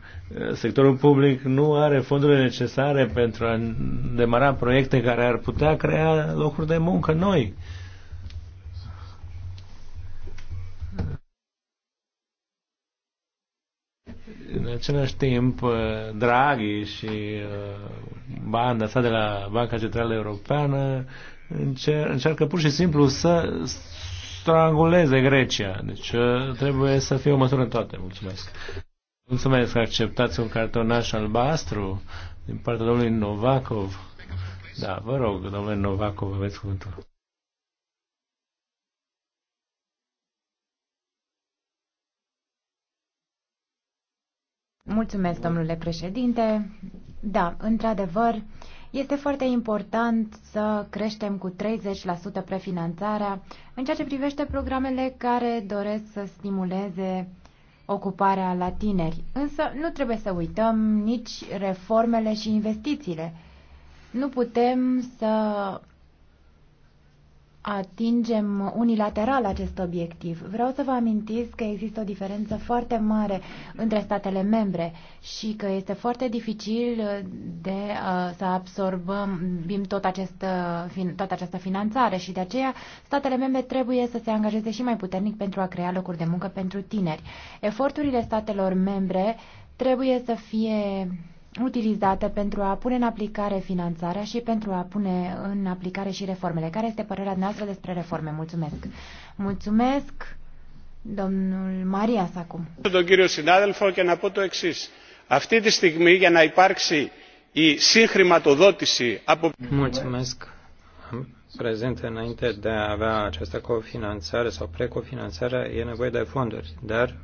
sectorul public nu are fondurile necesare pentru a demara proiecte care ar putea crea locuri de muncă noi. În același timp, Draghi și uh, banda sa de la Banca Centrală Europeană încer- încearcă pur și simplu să stranguleze Grecia. Deci uh, trebuie să fie o măsură în toate. Mulțumesc. Mulțumesc că acceptați un cartonaș albastru din partea domnului Novakov. Da, vă rog, domnule Novakov, aveți cuvântul. Mulțumesc, domnule președinte. Da, într-adevăr, este foarte important să creștem cu 30% prefinanțarea în ceea ce privește programele care doresc să stimuleze ocuparea la tineri. Însă nu trebuie să uităm nici reformele și investițiile. Nu putem să atingem unilateral acest obiectiv. Vreau să vă amintiți că există o diferență foarte mare între statele membre și că este foarte dificil de uh, să absorbăm tot acest, uh, fin, toată această finanțare și de aceea statele membre trebuie să se angajeze și mai puternic pentru a crea locuri de muncă pentru tineri. Eforturile statelor membre trebuie să fie utilizate pentru a pune în aplicare finanțarea și pentru a pune în aplicare și reformele. Care este părerea noastră despre reforme? Mulțumesc! Mulțumesc, domnul Marias, acum. Domnul κύριο Sinadelfo, και να πω το εξή. Αυτή τη στιγμή για να υπάρξει η συγχρηματοδότηση από... Mulțumesc! Prezent înainte de a avea această cofinanțare sau precofinanțare e nevoie de fonduri, dar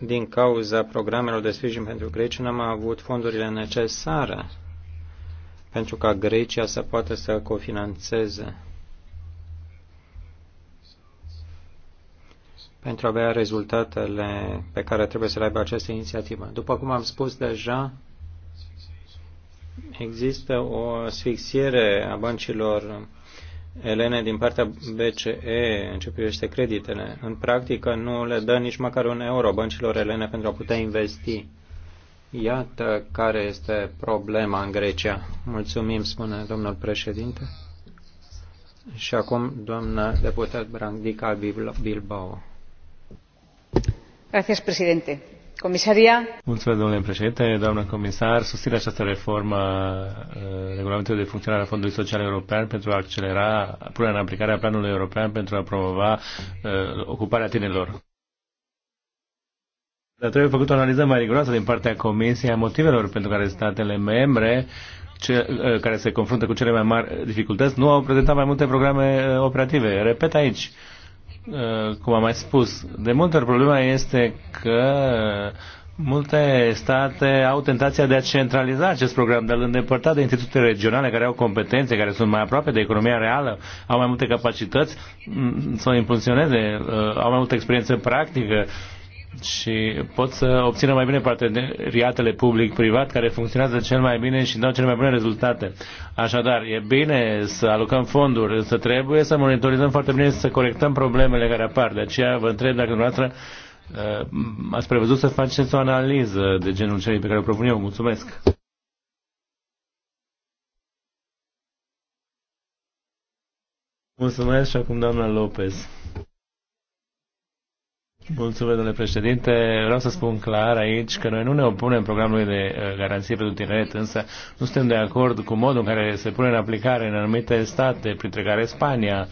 din cauza programelor de sprijin pentru Grecia n-am avut fondurile necesare pentru ca Grecia să poată să cofinanțeze. pentru a avea rezultatele pe care trebuie să le aibă această inițiativă. După cum am spus deja, există o asfixiere a băncilor Elene din partea BCE în ce privește creditele. În practică nu le dă nici măcar un euro băncilor elene pentru a putea investi. Iată care este problema în Grecia. Mulțumim, spune domnul președinte. Și acum, doamna deputat Brandica Bilbao. Gracias, presidente Comisaria. Mulțumesc, domnule președinte, doamnă comisar. Susțin această reformă uh, regulamentului de funcționare a Fondului Social European pentru a accelera punerea în aplicare a planului european pentru a promova uh, ocuparea tinerilor. Dar trebuie făcut o analiză mai riguroasă din partea Comisiei a motivelor pentru care statele membre ce, uh, care se confruntă cu cele mai mari dificultăți nu au prezentat mai multe programe operative. Repet aici, Eh, cum am mai spus, de multe ori problema este că multe state au tentația de a centraliza acest program, de a-l îndepărta de instituții regionale care au competențe, care sunt mai aproape de economia reală, au mai multe capacități mm, să o impulsioneze, eh, au mai multă experiență practică și pot să obțină mai bine parteneriatele public-privat care funcționează cel mai bine și dau cele mai bune rezultate. Așadar, e bine să alocăm fonduri, să trebuie să monitorizăm foarte bine și să corectăm problemele care apar. De aceea vă întreb dacă dumneavoastră uh, ați prevăzut să faceți o analiză de genul celui pe care o propun eu. Mulțumesc! Mulțumesc și acum doamna Lopez. Mulțumesc, domnule președinte. Vreau să spun clar aici că noi nu ne opunem programului de uh, garanție pentru tineret, însă nu suntem de acord cu modul în care se pune în aplicare în anumite state, printre care Spania.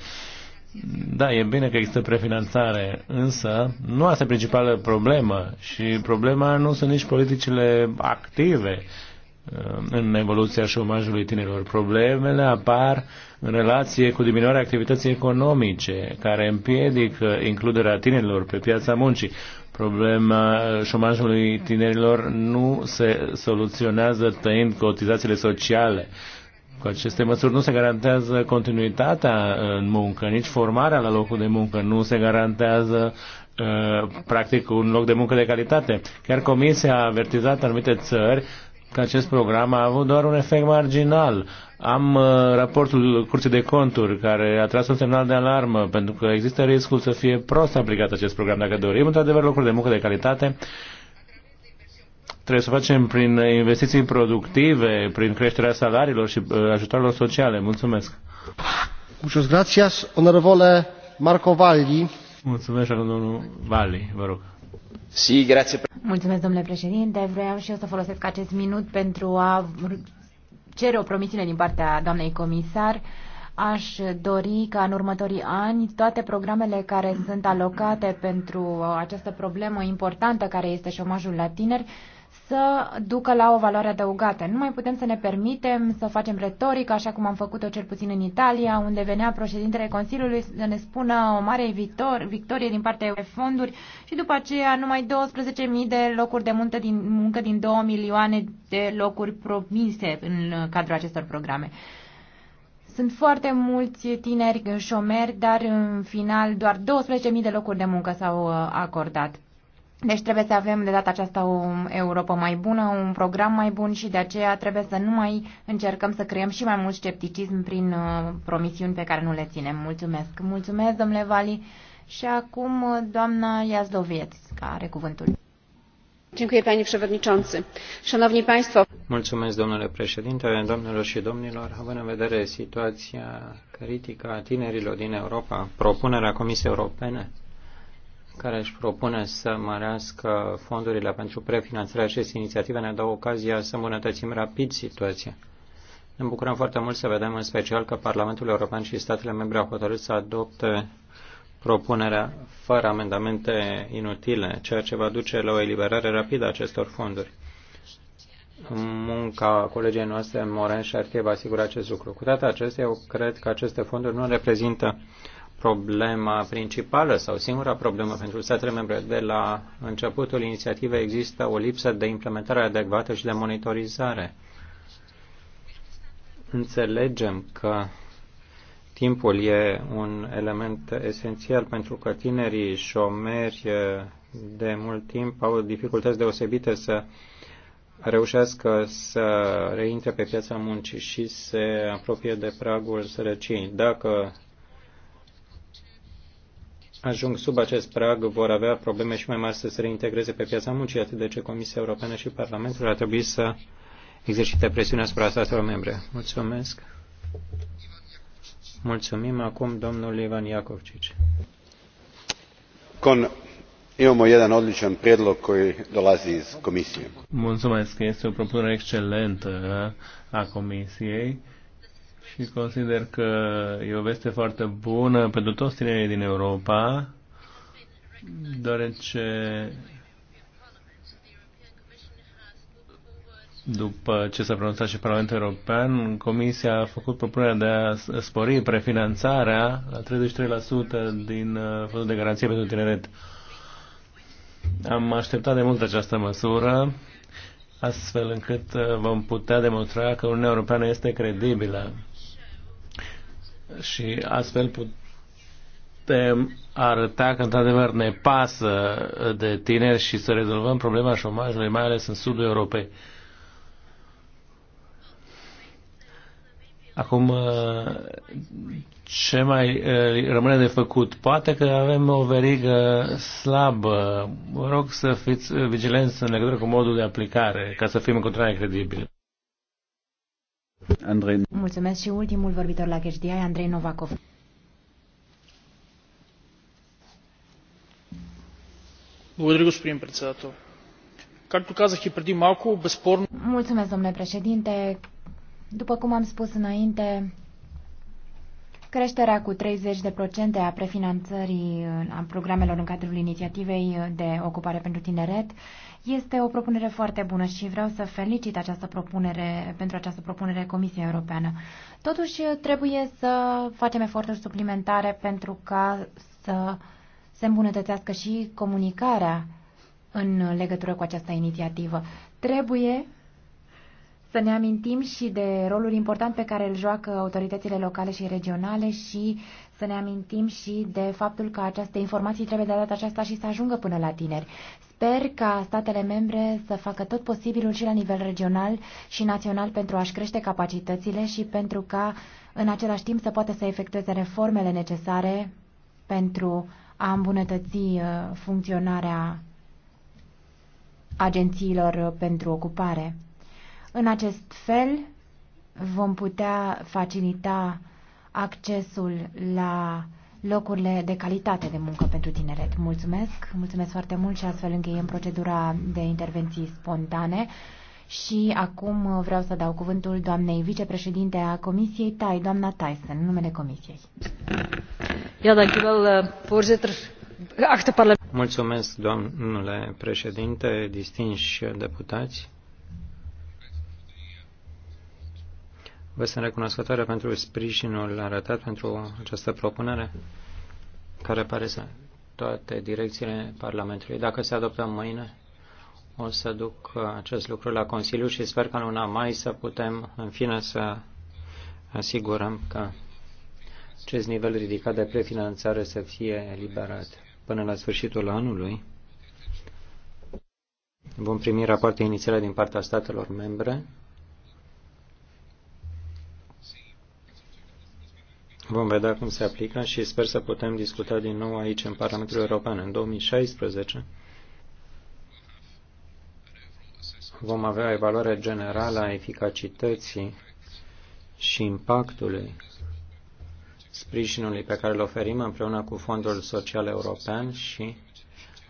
Da, e bine că există prefinanțare, însă nu asta e principală problemă și problema nu sunt nici politicile active în evoluția șomajului tinerilor. Problemele apar în relație cu diminuarea activității economice, care împiedică includerea tinerilor pe piața muncii. Problema șomajului tinerilor nu se soluționează tăind cotizațiile sociale. Cu aceste măsuri nu se garantează continuitatea uh, în muncă, nici formarea la locul de muncă, nu se garantează uh, practic un loc de muncă de calitate. Chiar Comisia a avertizat anumite țări că acest program a avut doar un efect marginal. Am uh, raportul Curții de Conturi care a tras un semnal de alarmă pentru că există riscul să fie prost aplicat acest program. Dacă dorim într-adevăr locuri de muncă de calitate, trebuie să facem prin investiții productive, prin creșterea salariilor și uh, ajutoarelor sociale. Mulțumesc! Muchas gracias, onorevole Marco Valli. Mulțumesc, domnul Valli, vă rog. Mulțumesc, domnule președinte. Vreau și eu să folosesc acest minut pentru a cere o promisiune din partea doamnei comisar. Aș dori ca în următorii ani toate programele care sunt alocate pentru această problemă importantă care este șomajul la tineri să ducă la o valoare adăugată. Nu mai putem să ne permitem să facem retorică, așa cum am făcut-o cel puțin în Italia, unde venea președintele Consiliului să ne spună o mare victor, victorie din partea de fonduri și după aceea numai 12.000 de locuri de muncă din, muncă din 2 milioane de locuri promise în cadrul acestor programe. Sunt foarte mulți tineri șomeri, dar în final doar 12.000 de locuri de muncă s-au uh, acordat. Deci trebuie să avem de data aceasta o Europa mai bună, un program mai bun și de aceea trebuie să nu mai încercăm să creăm și mai mult scepticism prin uh, promisiuni pe care nu le ținem. Mulțumesc! Mulțumesc, domnule Vali! Și acum uh, doamna Iazdoviet, care are cuvântul. Mulțumesc, domnule președinte, domnilor și domnilor. Având în vedere situația critică a tinerilor din Europa, propunerea Comisiei Europene care își propune să mărească fondurile pentru prefinanțarea acestei inițiative ne dă ocazia să îmbunătățim rapid situația. Ne bucurăm foarte mult să vedem în special că Parlamentul European și statele membre au hotărât să adopte propunerea fără amendamente inutile, ceea ce va duce la o eliberare rapidă a acestor fonduri. Munca colegii noastre, Moren și Artie, va asigura acest lucru. Cu toate acestea, eu cred că aceste fonduri nu reprezintă problema principală sau singura problemă pentru statele membre. De la începutul inițiativei există o lipsă de implementare adecvată și de monitorizare. Înțelegem că timpul e un element esențial pentru că tinerii șomeri de mult timp au dificultăți deosebite să reușească să reintre pe piața muncii și se apropie de pragul sărăciei. Dacă ajung sub acest prag vor avea probleme și mai mari să se reintegreze pe piața muncii, atât de ce Comisia Europeană și Parlamentul ar trebui să exercite presiunea asupra statelor membre. Mulțumesc. Mulțumim acum domnul Ivan Iacovcici. Con imamo jedan odličan predlog koji dolazi iz komisije. Mulțumesc, este o propunere excelentă a comisiei și consider că e o veste foarte bună pentru toți tinerii din Europa, deoarece după ce s-a pronunțat și Parlamentul European, Comisia a făcut propunerea de a spori prefinanțarea la 33% din uh, fondul de garanție pentru tineret. Am așteptat de mult această măsură, astfel încât uh, vom putea demonstra că Uniunea Europeană este credibilă și astfel putem arăta că într-adevăr ne pasă de tineri și să rezolvăm problema șomajului, mai ales în sudul Europei. Acum, ce mai eh, rămâne de făcut? Poate că avem o verigă slabă. Vă rog să fiți eh, vigilenți în legătură cu modul de aplicare, ca să fim în continuare credibili. Andrei. Mulțumesc și ultimul vorbitor la HDI, Andrei Novakov. Mulțumesc, domnule președinte. După cum am spus înainte, Creșterea cu 30% a prefinanțării uh, a programelor în cadrul inițiativei uh, de ocupare pentru tineret este o propunere foarte bună și vreau să felicit această propunere, pentru această propunere Comisia Europeană. Totuși, uh, trebuie să facem eforturi suplimentare pentru ca să se îmbunătățească și comunicarea în legătură cu această inițiativă. Trebuie să ne amintim și de rolul important pe care îl joacă autoritățile locale și regionale și să ne amintim și de faptul că aceste informații trebuie de data aceasta și să ajungă până la tineri. Sper ca statele membre să facă tot posibilul și la nivel regional și național pentru a-și crește capacitățile și pentru ca în același timp să poată să efectueze reformele necesare pentru a îmbunătăți uh, funcționarea agențiilor uh, pentru ocupare. În acest fel vom putea facilita accesul la locurile de calitate de muncă pentru tineret. Mulțumesc, mulțumesc foarte mult și astfel încheiem procedura de intervenții spontane. Și acum vreau să dau cuvântul doamnei vicepreședinte a Comisiei Tai, doamna Tyson, în numele Comisiei. Eh, mulțumesc, doamnule președinte, distinși deputați. Vă sunt recunoscătoare pentru sprijinul arătat pentru această propunere, care pare să toate direcțiile Parlamentului. Dacă se adoptă mâine, o să duc acest lucru la Consiliu și sper că în luna mai să putem, în fine, să asigurăm că acest nivel ridicat de prefinanțare să fie eliberat până la sfârșitul anului. Vom primi rapoarte inițiale din partea statelor membre Vom vedea cum se aplică și sper să putem discuta din nou aici în Parlamentul European în 2016. Vom avea evaluarea generală a eficacității și impactului sprijinului pe care îl oferim împreună cu Fondul Social European și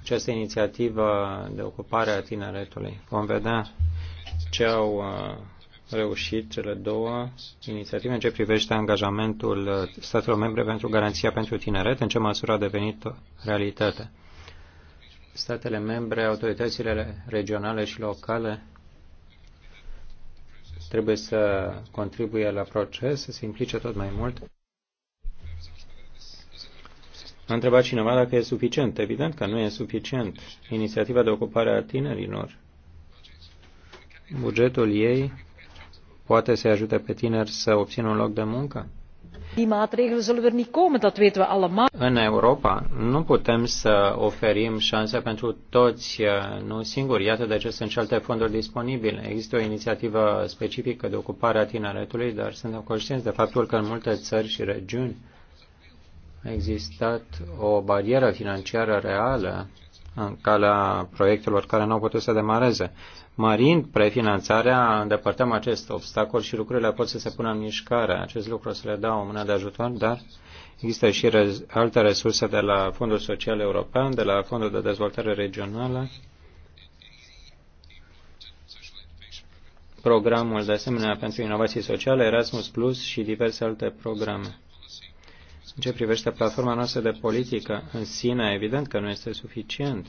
această inițiativă de ocupare a tineretului. Vom vedea ce au uh, reușit cele două inițiative în ce privește angajamentul statelor membre pentru garanția pentru tineret, în ce măsură a devenit realitate. Statele membre, autoritățile regionale și locale trebuie să contribuie la proces, să se implice tot mai mult. A întrebat cineva dacă e suficient. Evident că nu e suficient. Inițiativa de ocupare a tinerilor, bugetul ei poate să-i ajute pe tineri să obțină un loc de muncă? Er în Europa nu putem să oferim șanse pentru toți, eh, nu singuri. Iată de ce sunt și alte fonduri disponibile. Există o inițiativă specifică de ocupare a tineretului, dar suntem conștienți de faptul că în multe țări și regiuni a existat o barieră financiară reală în calea proiectelor care nu au putut să demareze. Mărind prefinanțarea, îndepărtăm acest obstacol și lucrurile pot să se pună în mișcare. Acest lucru o să le dau o mână de ajutor, dar există și rez- alte resurse de la Fondul Social European, de la Fondul de Dezvoltare Regională, programul de asemenea pentru inovații sociale, Erasmus Plus și diverse alte programe. În ce privește platforma noastră de politică în sine, evident că nu este suficient.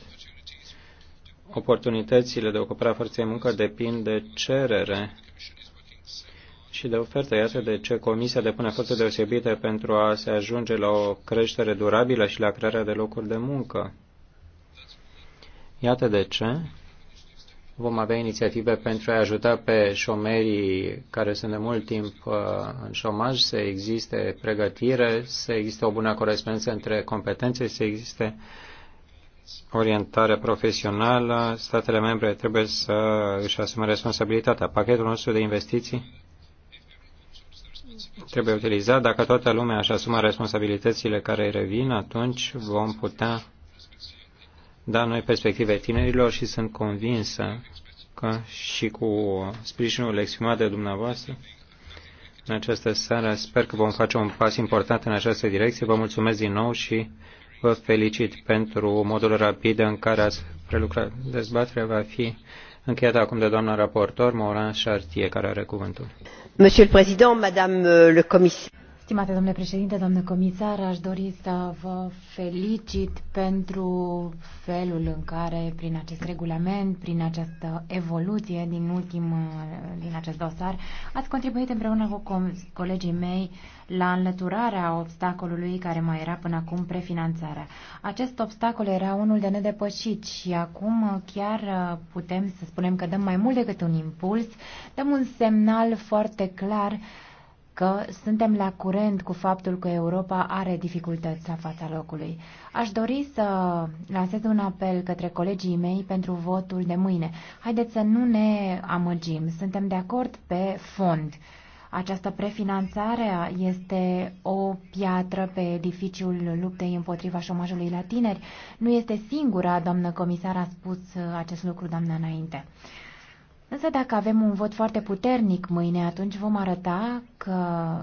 Oportunitățile de ocupare a forței muncă depind de cerere și de ofertă. Iată de ce Comisia depune forțe deosebite pentru a se ajunge la o creștere durabilă și la crearea de locuri de muncă. Iată de ce vom avea inițiative pentru a ajuta pe șomerii care sunt de mult timp uh, în șomaj să existe pregătire, să existe o bună corespondență între competențe, să existe orientare profesională. Statele membre trebuie să își asume responsabilitatea. Pachetul nostru de investiții trebuie utilizat. Dacă toată lumea își asumă responsabilitățile care îi revin, atunci vom putea da noi perspective tinerilor și sunt convinsă că și cu sprijinul exprimat de dumneavoastră în această seară sper că vom face un pas important în această direcție. Vă mulțumesc din nou și vă felicit pentru modul rapid în care ați prelucrat. Dezbaterea va fi încheiată acum de doamna raportor Moran Chartier, care are cuvântul. Monsieur le Président, Madame euh, le Commissaire. Stimate domnule președinte, domnule comisar, aș dori să vă felicit pentru felul în care, prin acest regulament, prin această evoluție din ultim, din acest dosar, ați contribuit împreună cu colegii mei la înlăturarea obstacolului care mai era până acum prefinanțarea. Acest obstacol era unul de nedepășit și acum chiar putem să spunem că dăm mai mult decât un impuls, dăm un semnal foarte clar uh, că suntem la curent cu faptul că Europa are dificultăți la fața locului. Aș dori să lansez un apel către colegii mei pentru votul de mâine. Haideți să nu ne amăgim. Suntem de acord pe fond. Această prefinanțare este o piatră pe edificiul luptei împotriva șomajului la tineri. Nu este singura, doamnă comisar, a spus acest lucru, doamnă, înainte. Însă dacă avem un vot foarte puternic mâine, atunci vom arăta că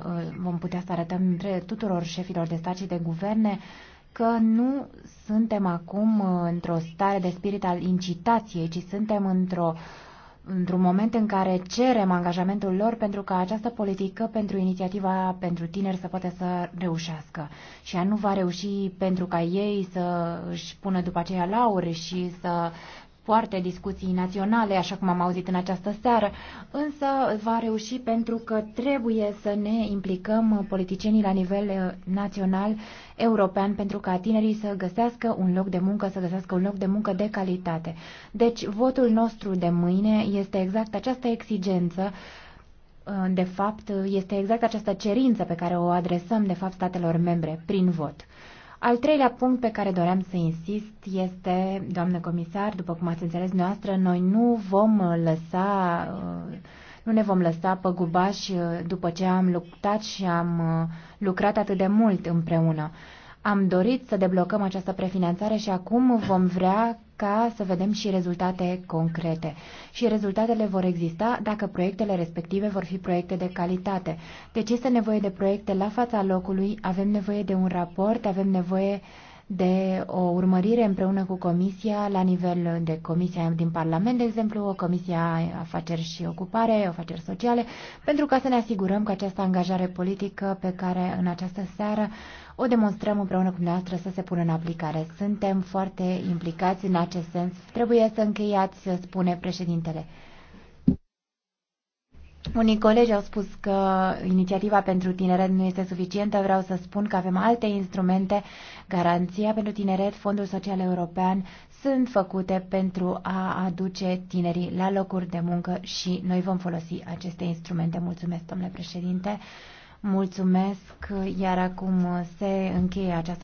uh, vom putea să arătăm între tuturor șefilor de stat și de guverne că nu suntem acum uh, într-o stare de spirit al incitației, ci suntem într-o într-un moment în care cerem angajamentul lor pentru ca această politică pentru inițiativa pentru tineri să poată să reușească. Și ea nu va reuși pentru ca ei să își pună după aceea lauri și să foarte discuții naționale, așa cum am auzit în această seară, însă va reuși pentru că trebuie să ne implicăm politicienii la nivel uh, național european pentru ca tinerii să găsească un loc de muncă, să găsească un loc de muncă de calitate. Deci votul nostru de mâine este exact această exigență uh, de fapt, este exact această cerință pe care o adresăm, de fapt, statelor membre prin vot. Al treilea punct pe care doream să insist este, doamnă comisar, după cum ați înțeles noastră, noi nu vom lăsa, uh, nu ne vom lăsa păgubași uh, după ce am luptat și am uh, lucrat atât de mult împreună. Am dorit să deblocăm această prefinanțare și acum vom vrea ca să vedem și rezultate concrete. Și rezultatele vor exista dacă proiectele respective vor fi proiecte de calitate. Deci este nevoie de proiecte la fața locului, avem nevoie de un raport, avem nevoie de o urmărire împreună cu Comisia la nivel de Comisia din Parlament, de exemplu, o Comisia Afaceri și Ocupare, Afaceri Sociale, pentru ca să ne asigurăm că această angajare politică pe care în această seară o demonstrăm împreună cu dumneavoastră să se pună în aplicare. Suntem foarte implicați în acest sens. Trebuie să încheiați, spune președintele. Unii colegi au spus că inițiativa pentru tineret nu este suficientă. Vreau să spun că avem alte instrumente, garanția pentru tineret, Fondul Social European, sunt făcute pentru a aduce tinerii la locuri de muncă și noi vom folosi aceste instrumente. Mulțumesc, domnule președinte. Mulțumesc, iar acum se încheie această